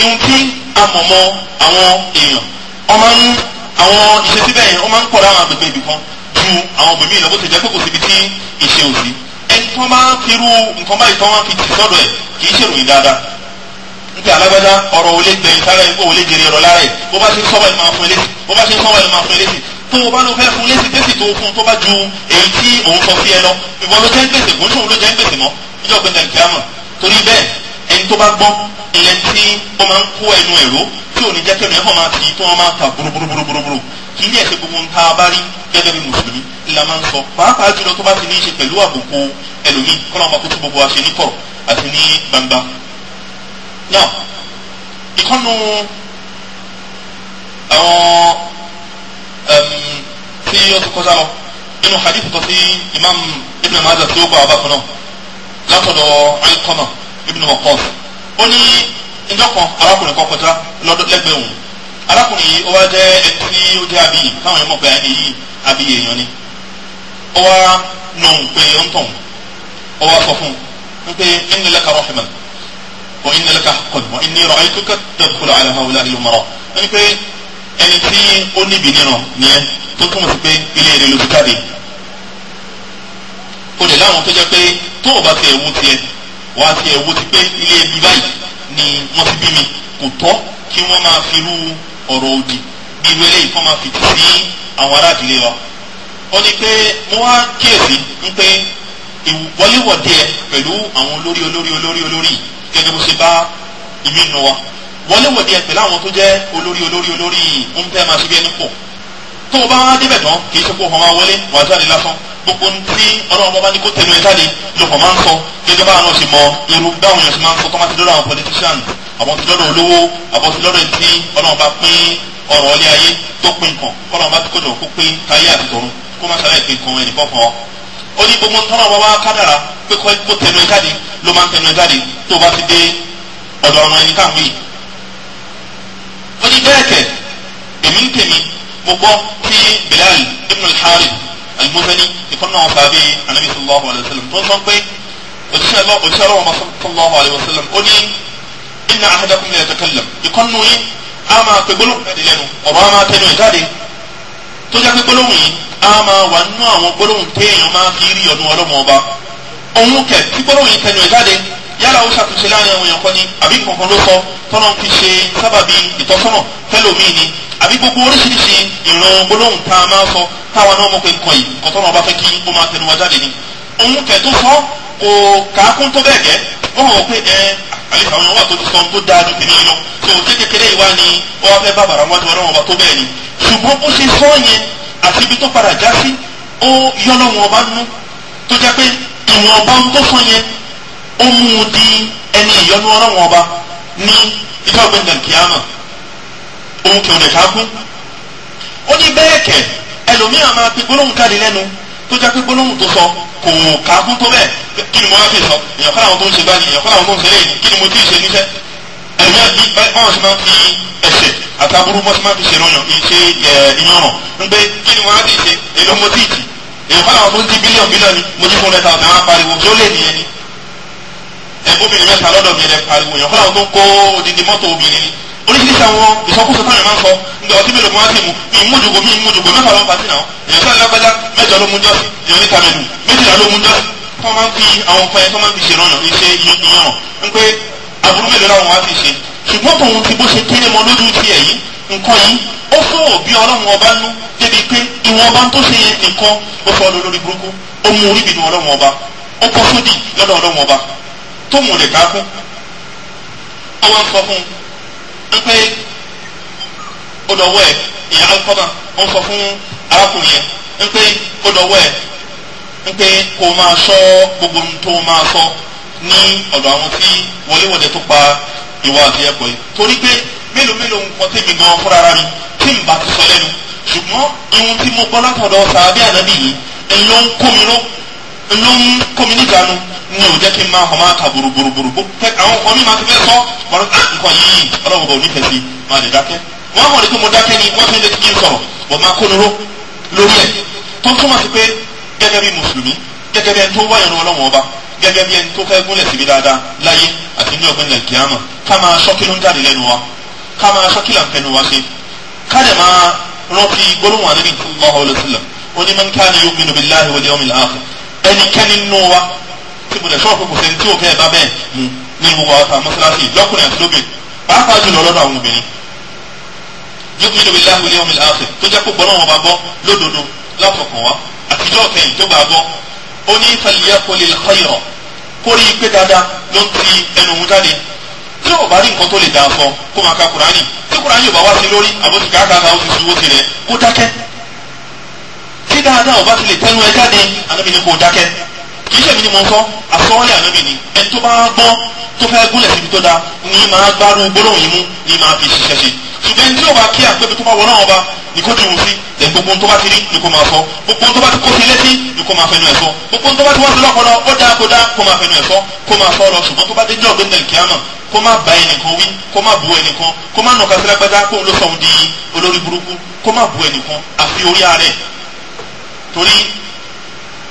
[SPEAKER 1] ihun tí a mọ̀ mọ́ àwọn èèyàn ọmọ ju àwọn ọmọ mi lọ bó ti jẹ́ pé síbi tí ìṣeun sí ẹni tó máa fi irú nǹkan báyìí tó máa fi tì sọ́dọ̀ ẹ̀ kì í ṣèròyìn dáadáa nígbà alágbádá ọ̀rọ̀ olè gbẹ̀yìn sára ẹ̀ olè jèrè ọ̀rọ̀ lára ẹ̀ bó bá ṣe sọ́wọ́ ẹ̀ máa fún ẹlẹ́sìn bó bá ṣe sọ́wọ́ ẹ̀ máa fún ẹlẹ́sìn tó o bá ló fẹ́ fún lẹ́sìn gbèsè tó fún tó bá ju èyí tí òun sọ sí ẹ lọ ìwọ ló jẹ́ gbèsè gbóṣùn ló jẹ́ gbèsè mọ́ níjọ́ gbẹ̀ngàn kíámọ̀ torí bẹ́ẹ̀ ẹni tó bá gbọ́ ìyẹn tí wọ́n máa ń kó ẹnu ẹ̀rọ tí ò ní jẹ́ kẹ́nu ẹ̀họ́ máa ti tó wọ́n máa ta búrúbúrúbúrúbúrú kì í ní ẹ̀sẹ̀ gbogbo ń ta bá rí gẹ́gẹ́ bí mùsùlùmí ìlà máa ń sọ pàápàá jùlọ tó bá ti ní í ṣe pẹ̀lú àbùkù ẹlòmíì kọ́nà ọmọ kó tó gbogbo wa ṣe ní kọ̀rọ̀ àti ní gbangba. náà ìkọ́nu àwọn tí ó ti kọjá lọ nínú hadith tó sí imam ibn Majah tí ó gbà wá náà látọ̀dọ̀ Alqama ibn Waqqas ó ní ìjọ kan arákùnrin kan kọjá lẹ́gbẹ̀ẹ́ òun arákùnrin yìí ó wá jẹ́ ẹni tí ó jẹ́ abiyì táwọn ẹ̀mọ́ pé ẹni yìí abiyì èèyàn ni ó wá nà ń pé ó ń tàn ó wá sọ fún un pé inna laka rahmatan wa inna laka haqqan wa inni ra'aytuka tadkhulu ala ha'ula'i al-umara ẹni pé ẹni tí ó níbi níran nìyẹn tó túmọ̀ sí pé ilé rẹ̀ ló ti jáde ó lè láwọn tó jẹ́ pé tó o bá ti ẹ̀ mú tiẹ̀ wọ́n á ti ẹ̀ wo ti pé ilé ibi báyìí ni wọ́n ti bí mi kò tọ́ kí wọ́n máa fi irú ọ̀rọ̀ òdì bí irú eléyìí kọ́ máa fi tì sí àwọn ará ìdílé wa ó ní pé mo wá kíyèsí ń pé ìwọléwọ̀de ẹ pẹ̀lú àwọn olórí olórí olórí olórí gẹ́gẹ́ bó ṣe bá ìmí nu wa wọléwọ̀de ẹ pẹ̀lú àwọn tó jẹ́ olórí olórí olórí ń fẹ́ máa ṣe bí ẹni pọ̀ tó o bá wá débẹ̀ tán kì í ṣe kó o kàn máa wọlé wà jáde lásán gbogbo tí ọlọ́run bá ní kó tẹnu ẹ jáde ló kàn máa ń sọ gẹ́gẹ́ bá àwọn ṣe mọ irú báwọn èèyàn máa ń sọ tọ́mátì lọ́dọ̀ àwọn politician àwọn ti lọ́dọ̀ olówó àwọn ti lọ́dọ̀ tí ọlọ́run bá pín ọ̀rọ̀ ilé ayé tó pín kan ọlọ́run bá ti kó dọ̀kú pín táyé àti tọ̀run kó má ṣàlàyé pín kan ẹnì kọ̀ọ̀kan ó ní gbogbo tọ́lọ̀ bá wá kádàrà pé kó tẹnu ẹ jáde ló máa ń tẹnu ẹ jáde tó bá ti dé ọ̀dọ̀ ọ̀ràn ẹni táwọn ó ní bẹ́ẹ̀ kẹ̀ èmi ń tèmi mo gbọ́ tí Bilal ibn al-Harith al-Muzani ìfọ́nà wọn sàbí anabi sallallahu alayhi wa sallam tó sọ pé òjíṣẹ́ ọlọ́wọ́ ma sallallahu alayhi wa sallam ó ní inna ahadakum la yatakallam ìkọ́nù yìí a máa pe gbólóhùn jáde lẹ́nu ọ̀rọ̀ a máa tẹnu ẹ̀ jáde tó jẹ́ pé gbólóhùn yìí a máa wà nínú àwọn gbólóhùn téèyàn máa fi rí ọdún ọlọ́mọ ọba òun kẹ̀ tí gbólóhùn yìí tẹnu ẹ̀ jáde yálà ó ṣàtúnṣe láàrin àwọn èèyàn kan àbí kankan ló sọ tọ́nà fi ṣe sábàbí ìtọ́sọ́nà fẹ́lòmíì àbí gbogbo oríṣiríṣi ìran gbólóhùn tá a máa sọ táwọn náà mọ̀ pé nǹkan yìí nǹkan tó náà bá fẹ́ kí ó máa tẹnu wa jáde ni òun kẹ̀ tó sọ kò kàákún tó bẹ́ẹ̀ gẹ́ wọ́n mọ̀ pé ẹ àlefa àwọn wà tó ti sọ tó dáa lókè nínú tó o kékeré yìí wá ní ó wá fẹ́ bá bàrà wájú ọlọ́run ọba tó bẹ́ẹ̀ ni ṣùgbọ́n ó ṣe sọ yẹn àti ibi tó padà já sí ó yọ lọ́wọ́ ọba nú òun kì í rẹ̀ ká kú ó ní bẹ́ẹ̀ kẹ̀ ẹlòmíràn máa pe gbólóhùn jáde lẹ́nu tó jẹ́ pé gbólóhùn tó sọ kò ká kú tó bẹ́ẹ̀ kí ni mo wá fi sọ èèyàn kọ́ làwọn tó ń ṣe báyìí èèyàn kọ́ làwọn tó ń ṣe lẹ́yìn kí ni mo ti ṣe níṣẹ́ ẹlòmíràn bí báwọn ṣe máa fi ẹsẹ̀ àtàbúrú mọ́ṣẹ́ máa fi ṣe ìrànyàn ìṣe ìyànràn ń gbé kí ni mo wá fi ṣe èlò mo ti ì èèyàn kọ́ làwọn tó ń ti bílíọ̀n bílíọ̀n ni mo ti fún lẹ́tà ọ̀tẹ̀ wọn pariwo tó lè nìyẹn ni ẹ̀gbọ́n mi ni mẹ́ta lọ́dọ̀ mi rẹ̀ pariwo èèyàn oríṣiríṣi àwọn ìsọkúsọ táwọn máa ń sọ nígbà ọtí mélòó kan wá sí mu mi ń mójúgo mi ń mójúgo mẹ́fà ló ń pàṣẹ náà èèyàn sáré lágbájá mẹ́jọ ló mú jọ́sí èèyàn níta mẹ́lú méjìlá ló mú jọ́sí tó máa ń fi àwọn nǹkan yẹn tó máa ń fi ṣe ìrànà iṣẹ́ ìyọ̀nà ń pé aburú mélòó làwọn wá fi ṣe ṣùgbọ́n tòun ti bó ṣe kéré mọ lójú tiẹ̀ yìí nǹkan yìí ó fún òbí ọlọ́run ọba nú débi pé ìwọ̀n ọba tó ṣe yẹn nìkan ó fọ́ lọ lórí burúkú ó mú orí ìbínú ọlọ́run ọba ó kọ́ sódì lọ́dọ̀ ọlọ́run ọba tó mú lè ká kún ọwọ́ ń sọ fún un ń pé ó dọ̀wọ́ ẹ̀ ìyá alukọ́mà ó ń sọ fún arákùnrin yẹn ń pé ó dọ̀wọ́ ẹ̀ ń pé kó máa sọ gbogbo ohun tó máa sọ ní ọ̀dọ̀ àwọn tí wọléwọ̀de tó pa ìwà àti ẹ̀pọ̀ yìí torí pé mélòó mélòó nǹkan tèmi gan fúnra ara mi tí n bá ti sọ lẹ́nu ṣùgbọ́n ohun tí mo gbọ́ látọ̀dọ̀ sàábẹ́ ànábì yìí ẹ̀yin ló ń kó mi ló ló ń kó mi níjànú ní o jẹ́ kí n máa kọ́ máa kà burúburúburú pé àwọn ọkọ mi máa ti fẹ́ sọ wọn á ah, nǹkan yìí ọlọ́run bò nífẹ̀ẹ́ sí máa lè dákẹ́ wọn á mọ̀ ní pé mo dákẹ́ ni wọ́n fi ń lè kí n sọ̀rọ̀ wọ́n máa kóni ró lórí ẹ̀ tó túmọ̀ sí pé gẹ́gẹ́ bí mùsùlùmí gẹ́gẹ́ bí ẹni tó wáyọ̀ ní ọlọ́run ọba gẹ́gẹ́ bí ẹni tó fẹ́ gúnlẹ̀ síbi dáadáa láyé àti ní ọ̀gbìn ilẹ̀ kìámà ká máa sọ kí ló ń jáde lẹ́nu wa ká máa sọ kí là ń fẹnu wa ṣe ká dẹ̀ máa rántí gbólóhùn àdébí sallallahu alaihi wasallam ó ní man kana yu'minu billahi wal yawmil akhir ẹnikẹ́ni nù wa tí mo lè sọ pé kò sẹ́ni tí òfin ẹ̀ bá bẹ́ẹ̀ mu ní gbogbo àwọn ọ̀tá mọ́sálásí lọ́kùnrin àti lóbìn pàápàá jùlọ lọ́dọ̀ àwọn obìnrin yóò níbi láhùn ilé omi láàfẹ tó jẹ́ púpọ̀ náà wọn bá gbọ́ lódodo látọkàn wá àtijọ́ kẹyìn tó bá gbọ́ ó ní falyakulil khayra kó rí pé dáadáa ló ń ti ẹnu òun jáde tí ò bá rí nǹkan tó lè dáa sọ kó máa ka kùránì tí kùránì ò bá wá sí lórí àbótìkáàkà ó ti fi owó tirẹ̀ kó dákẹ́ tí dáadáa ọba ti lè tẹnu ẹ jáde anábì ní kò dákẹ́ kì í ṣèmi ni mo sọ àsọwọ́lẹ̀ anábì ni ẹni tó bá gbọ́ tó fẹ́ gúnlẹ̀ síbi tó da ni máa gbárùn gbólóhùn yìí mú ni máa fi ṣiṣẹ́ ṣe ṣùgbọ́n tí ọba kí àpébi tó bá wọ náà ọba ni kò dìrù sí ẹ gbogbo tó bá ti rí ni kò máa sọ gbogbo tó bá ti kó sí létí ni kò máa fẹnu ẹ sọ gbogbo tó bá ti wá sí lọ́pọlọ ó dáa kó dáa kó máa fẹnu ẹ sọ kó máa sọ lọ ṣùgbọ́n tó bá dé ní ọ̀gbìn náà kíámà kó má ba ẹnìkan wí kó má bu ẹnìkan kó má nàka sílágbádá kó ló sọ òun di olórí burúkú kó má bu ẹnìkan àfi orí ara ẹ̀ torí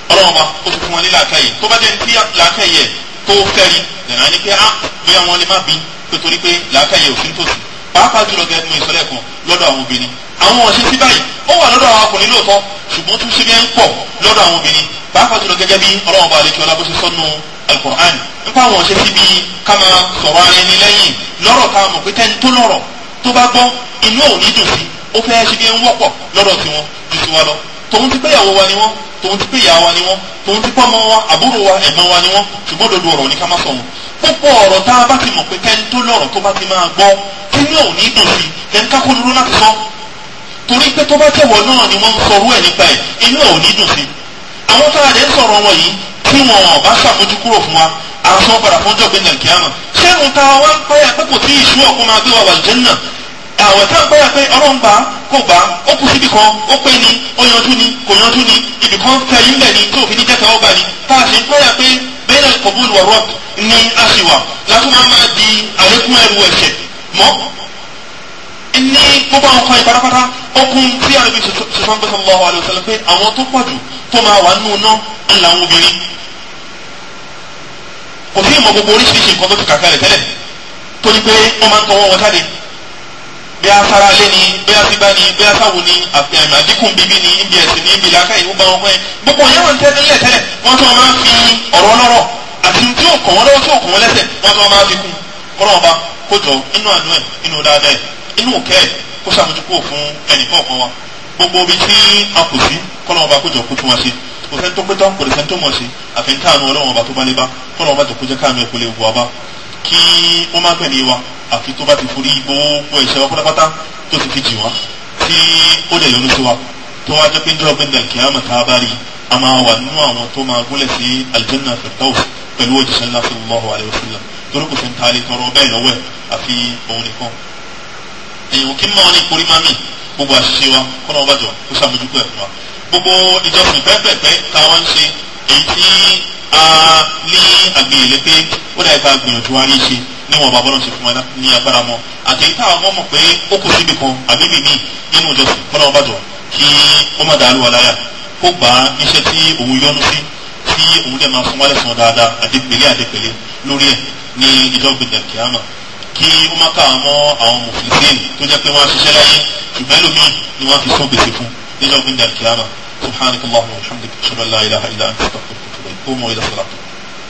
[SPEAKER 1] ọlọ́run ọba ó fi fún wọn ní làákàyè tó bá jẹ́ ní làákàyè tó kẹ́rin dẹ̀nà ni pé á ah, bóyá wọn lè má bí nítorí pé làákàyè òfin tòsí pàápàá jùlọ gẹ́gẹ́ bí ìsọ̀lẹ̀ kan lọ́dọ̀ àwọn obìnrin àwọn ọ̀sẹ̀ sí báyìí ó wà lọ́dọ̀ àwọn ọkùnrin lóòótọ́ ṣùgbọ́n tún ṣẹ́gẹ́ ń pọ̀ lọ́dọ̀ àwọn obìnrin pàápàá jùlọ gẹ́gẹ́ bí ọlọ́run ọba àlejò ọlábó ṣe sọ́nù alukur'an nípa àwọn ọ̀sẹ̀ sí bíi ká máa sọ̀rọ̀ ara ẹni lẹ́yìn lọ́rọ̀ ká mọ̀ pé tẹ́ni tó lọ́rọ̀ tó bá gbọ́ inú òní dùn sí ó fẹ́ ṣe ń wọ́pọ̀ lọ́dọ̀ tiwọn ju tiwa lọ tòun ti pé ìyàwó wa ni wọ́n tòun ti pé ìyá wa ni wọ́n tòun ti pọ́nmọ́ wa àbúrò wa ẹ̀gbọ́n wa ni wọ́n ṣùgbọ́n dodo ọ̀rọ̀ ní ká má sọ wọn púpọ̀ ọ̀rọ̀ tá a bá ti mọ̀ pé kẹ́ni tó lọ́rọ̀ tó bá ti máa gbọ́ inú ẹ̀ ò ní dùn sí kẹ́ni ká kó dúró láti sọ torí pé tó bá jẹ́wọ́ náà ni wọ́n ń sọrú ẹ̀ nípa ẹ̀ inú ẹ̀ ò ní dùn sí àwọn tá a lè sọ̀rọ̀ wọn yìí tí wọn ò bá ṣàmójú kúrò fún wa àwọn sọ padà fún jọ̀gbìn nàìjíríà ṣé òun ta wá ń pẹ́ ẹ pé tí ì ṣú ọ̀kú máa náà àwẹ̀ tá à ń gbára pé ọlọ́run gbà kò gbà ó kù síbi kan ó pé ni ó yanjú ni kò yanjú ni ibì kan fẹ́ yín lẹ̀ ni tó òfin ní jẹ́ta ọgbà ni tá a sì ń gbára pé bẹ́ẹ̀rẹ̀ kọ̀bùn wà rọ́ọ̀bù ni a sì wà látún máa máa di àlékún ẹrù ẹ̀ṣẹ̀ mọ́ ní gbogbo àwọn kan ìparapata okun tí a lè fi sọ́n gbé sọ́n lọ́wọ́ àlùfẹ́lẹ́ pé àwọn tó pọ̀ jù tó máa wà nínú náà ńlá àwọn obìnrin kò sí ìmọ̀ gbogbo oríṣiríṣi nǹkan tó ti kàkẹ́ rẹ̀ tẹ́lẹ̀ torí pé wọ́n máa ń tọwọ́ wọn jáde bí a fara lé ni bí a síbá ni bí a sáwo ni àdínkù bíbí ni ibi ẹ̀sìn ni ibi làákà ìwú bá wọn pẹ́ gbogbo yẹn wọn tẹ́lẹ̀ nílẹ̀ tẹ́lẹ̀ wọ́n tún máa ń fi ọ̀rọ̀ lọ́rọ̀ àti tí ò kàn wọ́n lọ́wọ́ tí ò kàn wọ́n lẹ́sẹ̀ wọ́n tún máa fi kún kọ́rọ̀ ọba kó jọ inú àánú ẹ̀ inú dáadáa ẹ̀ inú òkè ẹ̀ kó sàmójúkúrò fún ẹnì kọ̀ọ̀kan wa gbogbo ibi tí a kò sí kọ́rọ̀ ọba kó jọ kó tún wá sí kò tó pé tán kò sẹ́ni tó mọ̀ sí àfẹ́ńtà àánú ọlọ́run ọba tó bá lé bá kọ́rọ̀ ọba jọ kó jẹ́ káàmì ẹ̀kọ́ lè wù wá kí wọ́n má tẹ̀lé wa àfi tó bá ti forí gbogbo ẹ̀ṣẹ̀ wa pátápátá tó ti fi jì wá tí ó dẹ̀ yọnu sí wa tó wá jẹ́ pé ń jọ́ gbẹ̀ndẹ̀ kìámà tá a bá rí a máa wà nínú àwọn tó máa gúnlẹ̀ sí aljanna firdaus pẹ̀lú òjíṣẹ́ ńlá sallallahu alaihi wasallam torí kò sí ń ta lè tọrọ bẹ́ẹ̀ lọ́wọ́ ẹ̀ àfi òun nìkan èèyàn kí máa ní korí máa mì gbogbo àṣìṣe wa kọ́nà ọbàjọ́ kó sàmójúkú ẹ̀ fún wa gbogbo ìjọsìn pẹ́ẹ́pẹ́ẹ́pẹ́ táwọn ń ṣe èyí tí a ní àgbéyẹ̀lẹ́ pé ó dà ẹ̀ka gbìyànjú wa ní ṣe níwọ̀n bàbá náà ṣe fún wa ní agbára mọ́ àti èyí táwọn ọmọ mọ̀ pé ó kò síbi kan àbíbí mi nínú ìjọsìn kọ́nà ọba jọ kí ó má dàálù wa láyà kó gba iṣẹ́ tí òun yọ́nú sí tí òun dẹ̀ máa fún wa lẹ́sàn dáadáa àdépele àdépele lórí ẹ̀ ní ìjọ gbẹ̀dẹ̀ kìámà kí ó má káwọn àwọn mùsùlùmí tó jẹ́ pé wọ́n á ṣiṣẹ́ láyé ṣùgbọ́n ẹlòmíì ni wọ́n á fi sún gbèsè fún un إلى يوم القيامة سبحانك اللهم وبحمدك أشهد أن لا إله إلا أنت أستغفرك وأتوب إليك قوموا إلى صلاتكم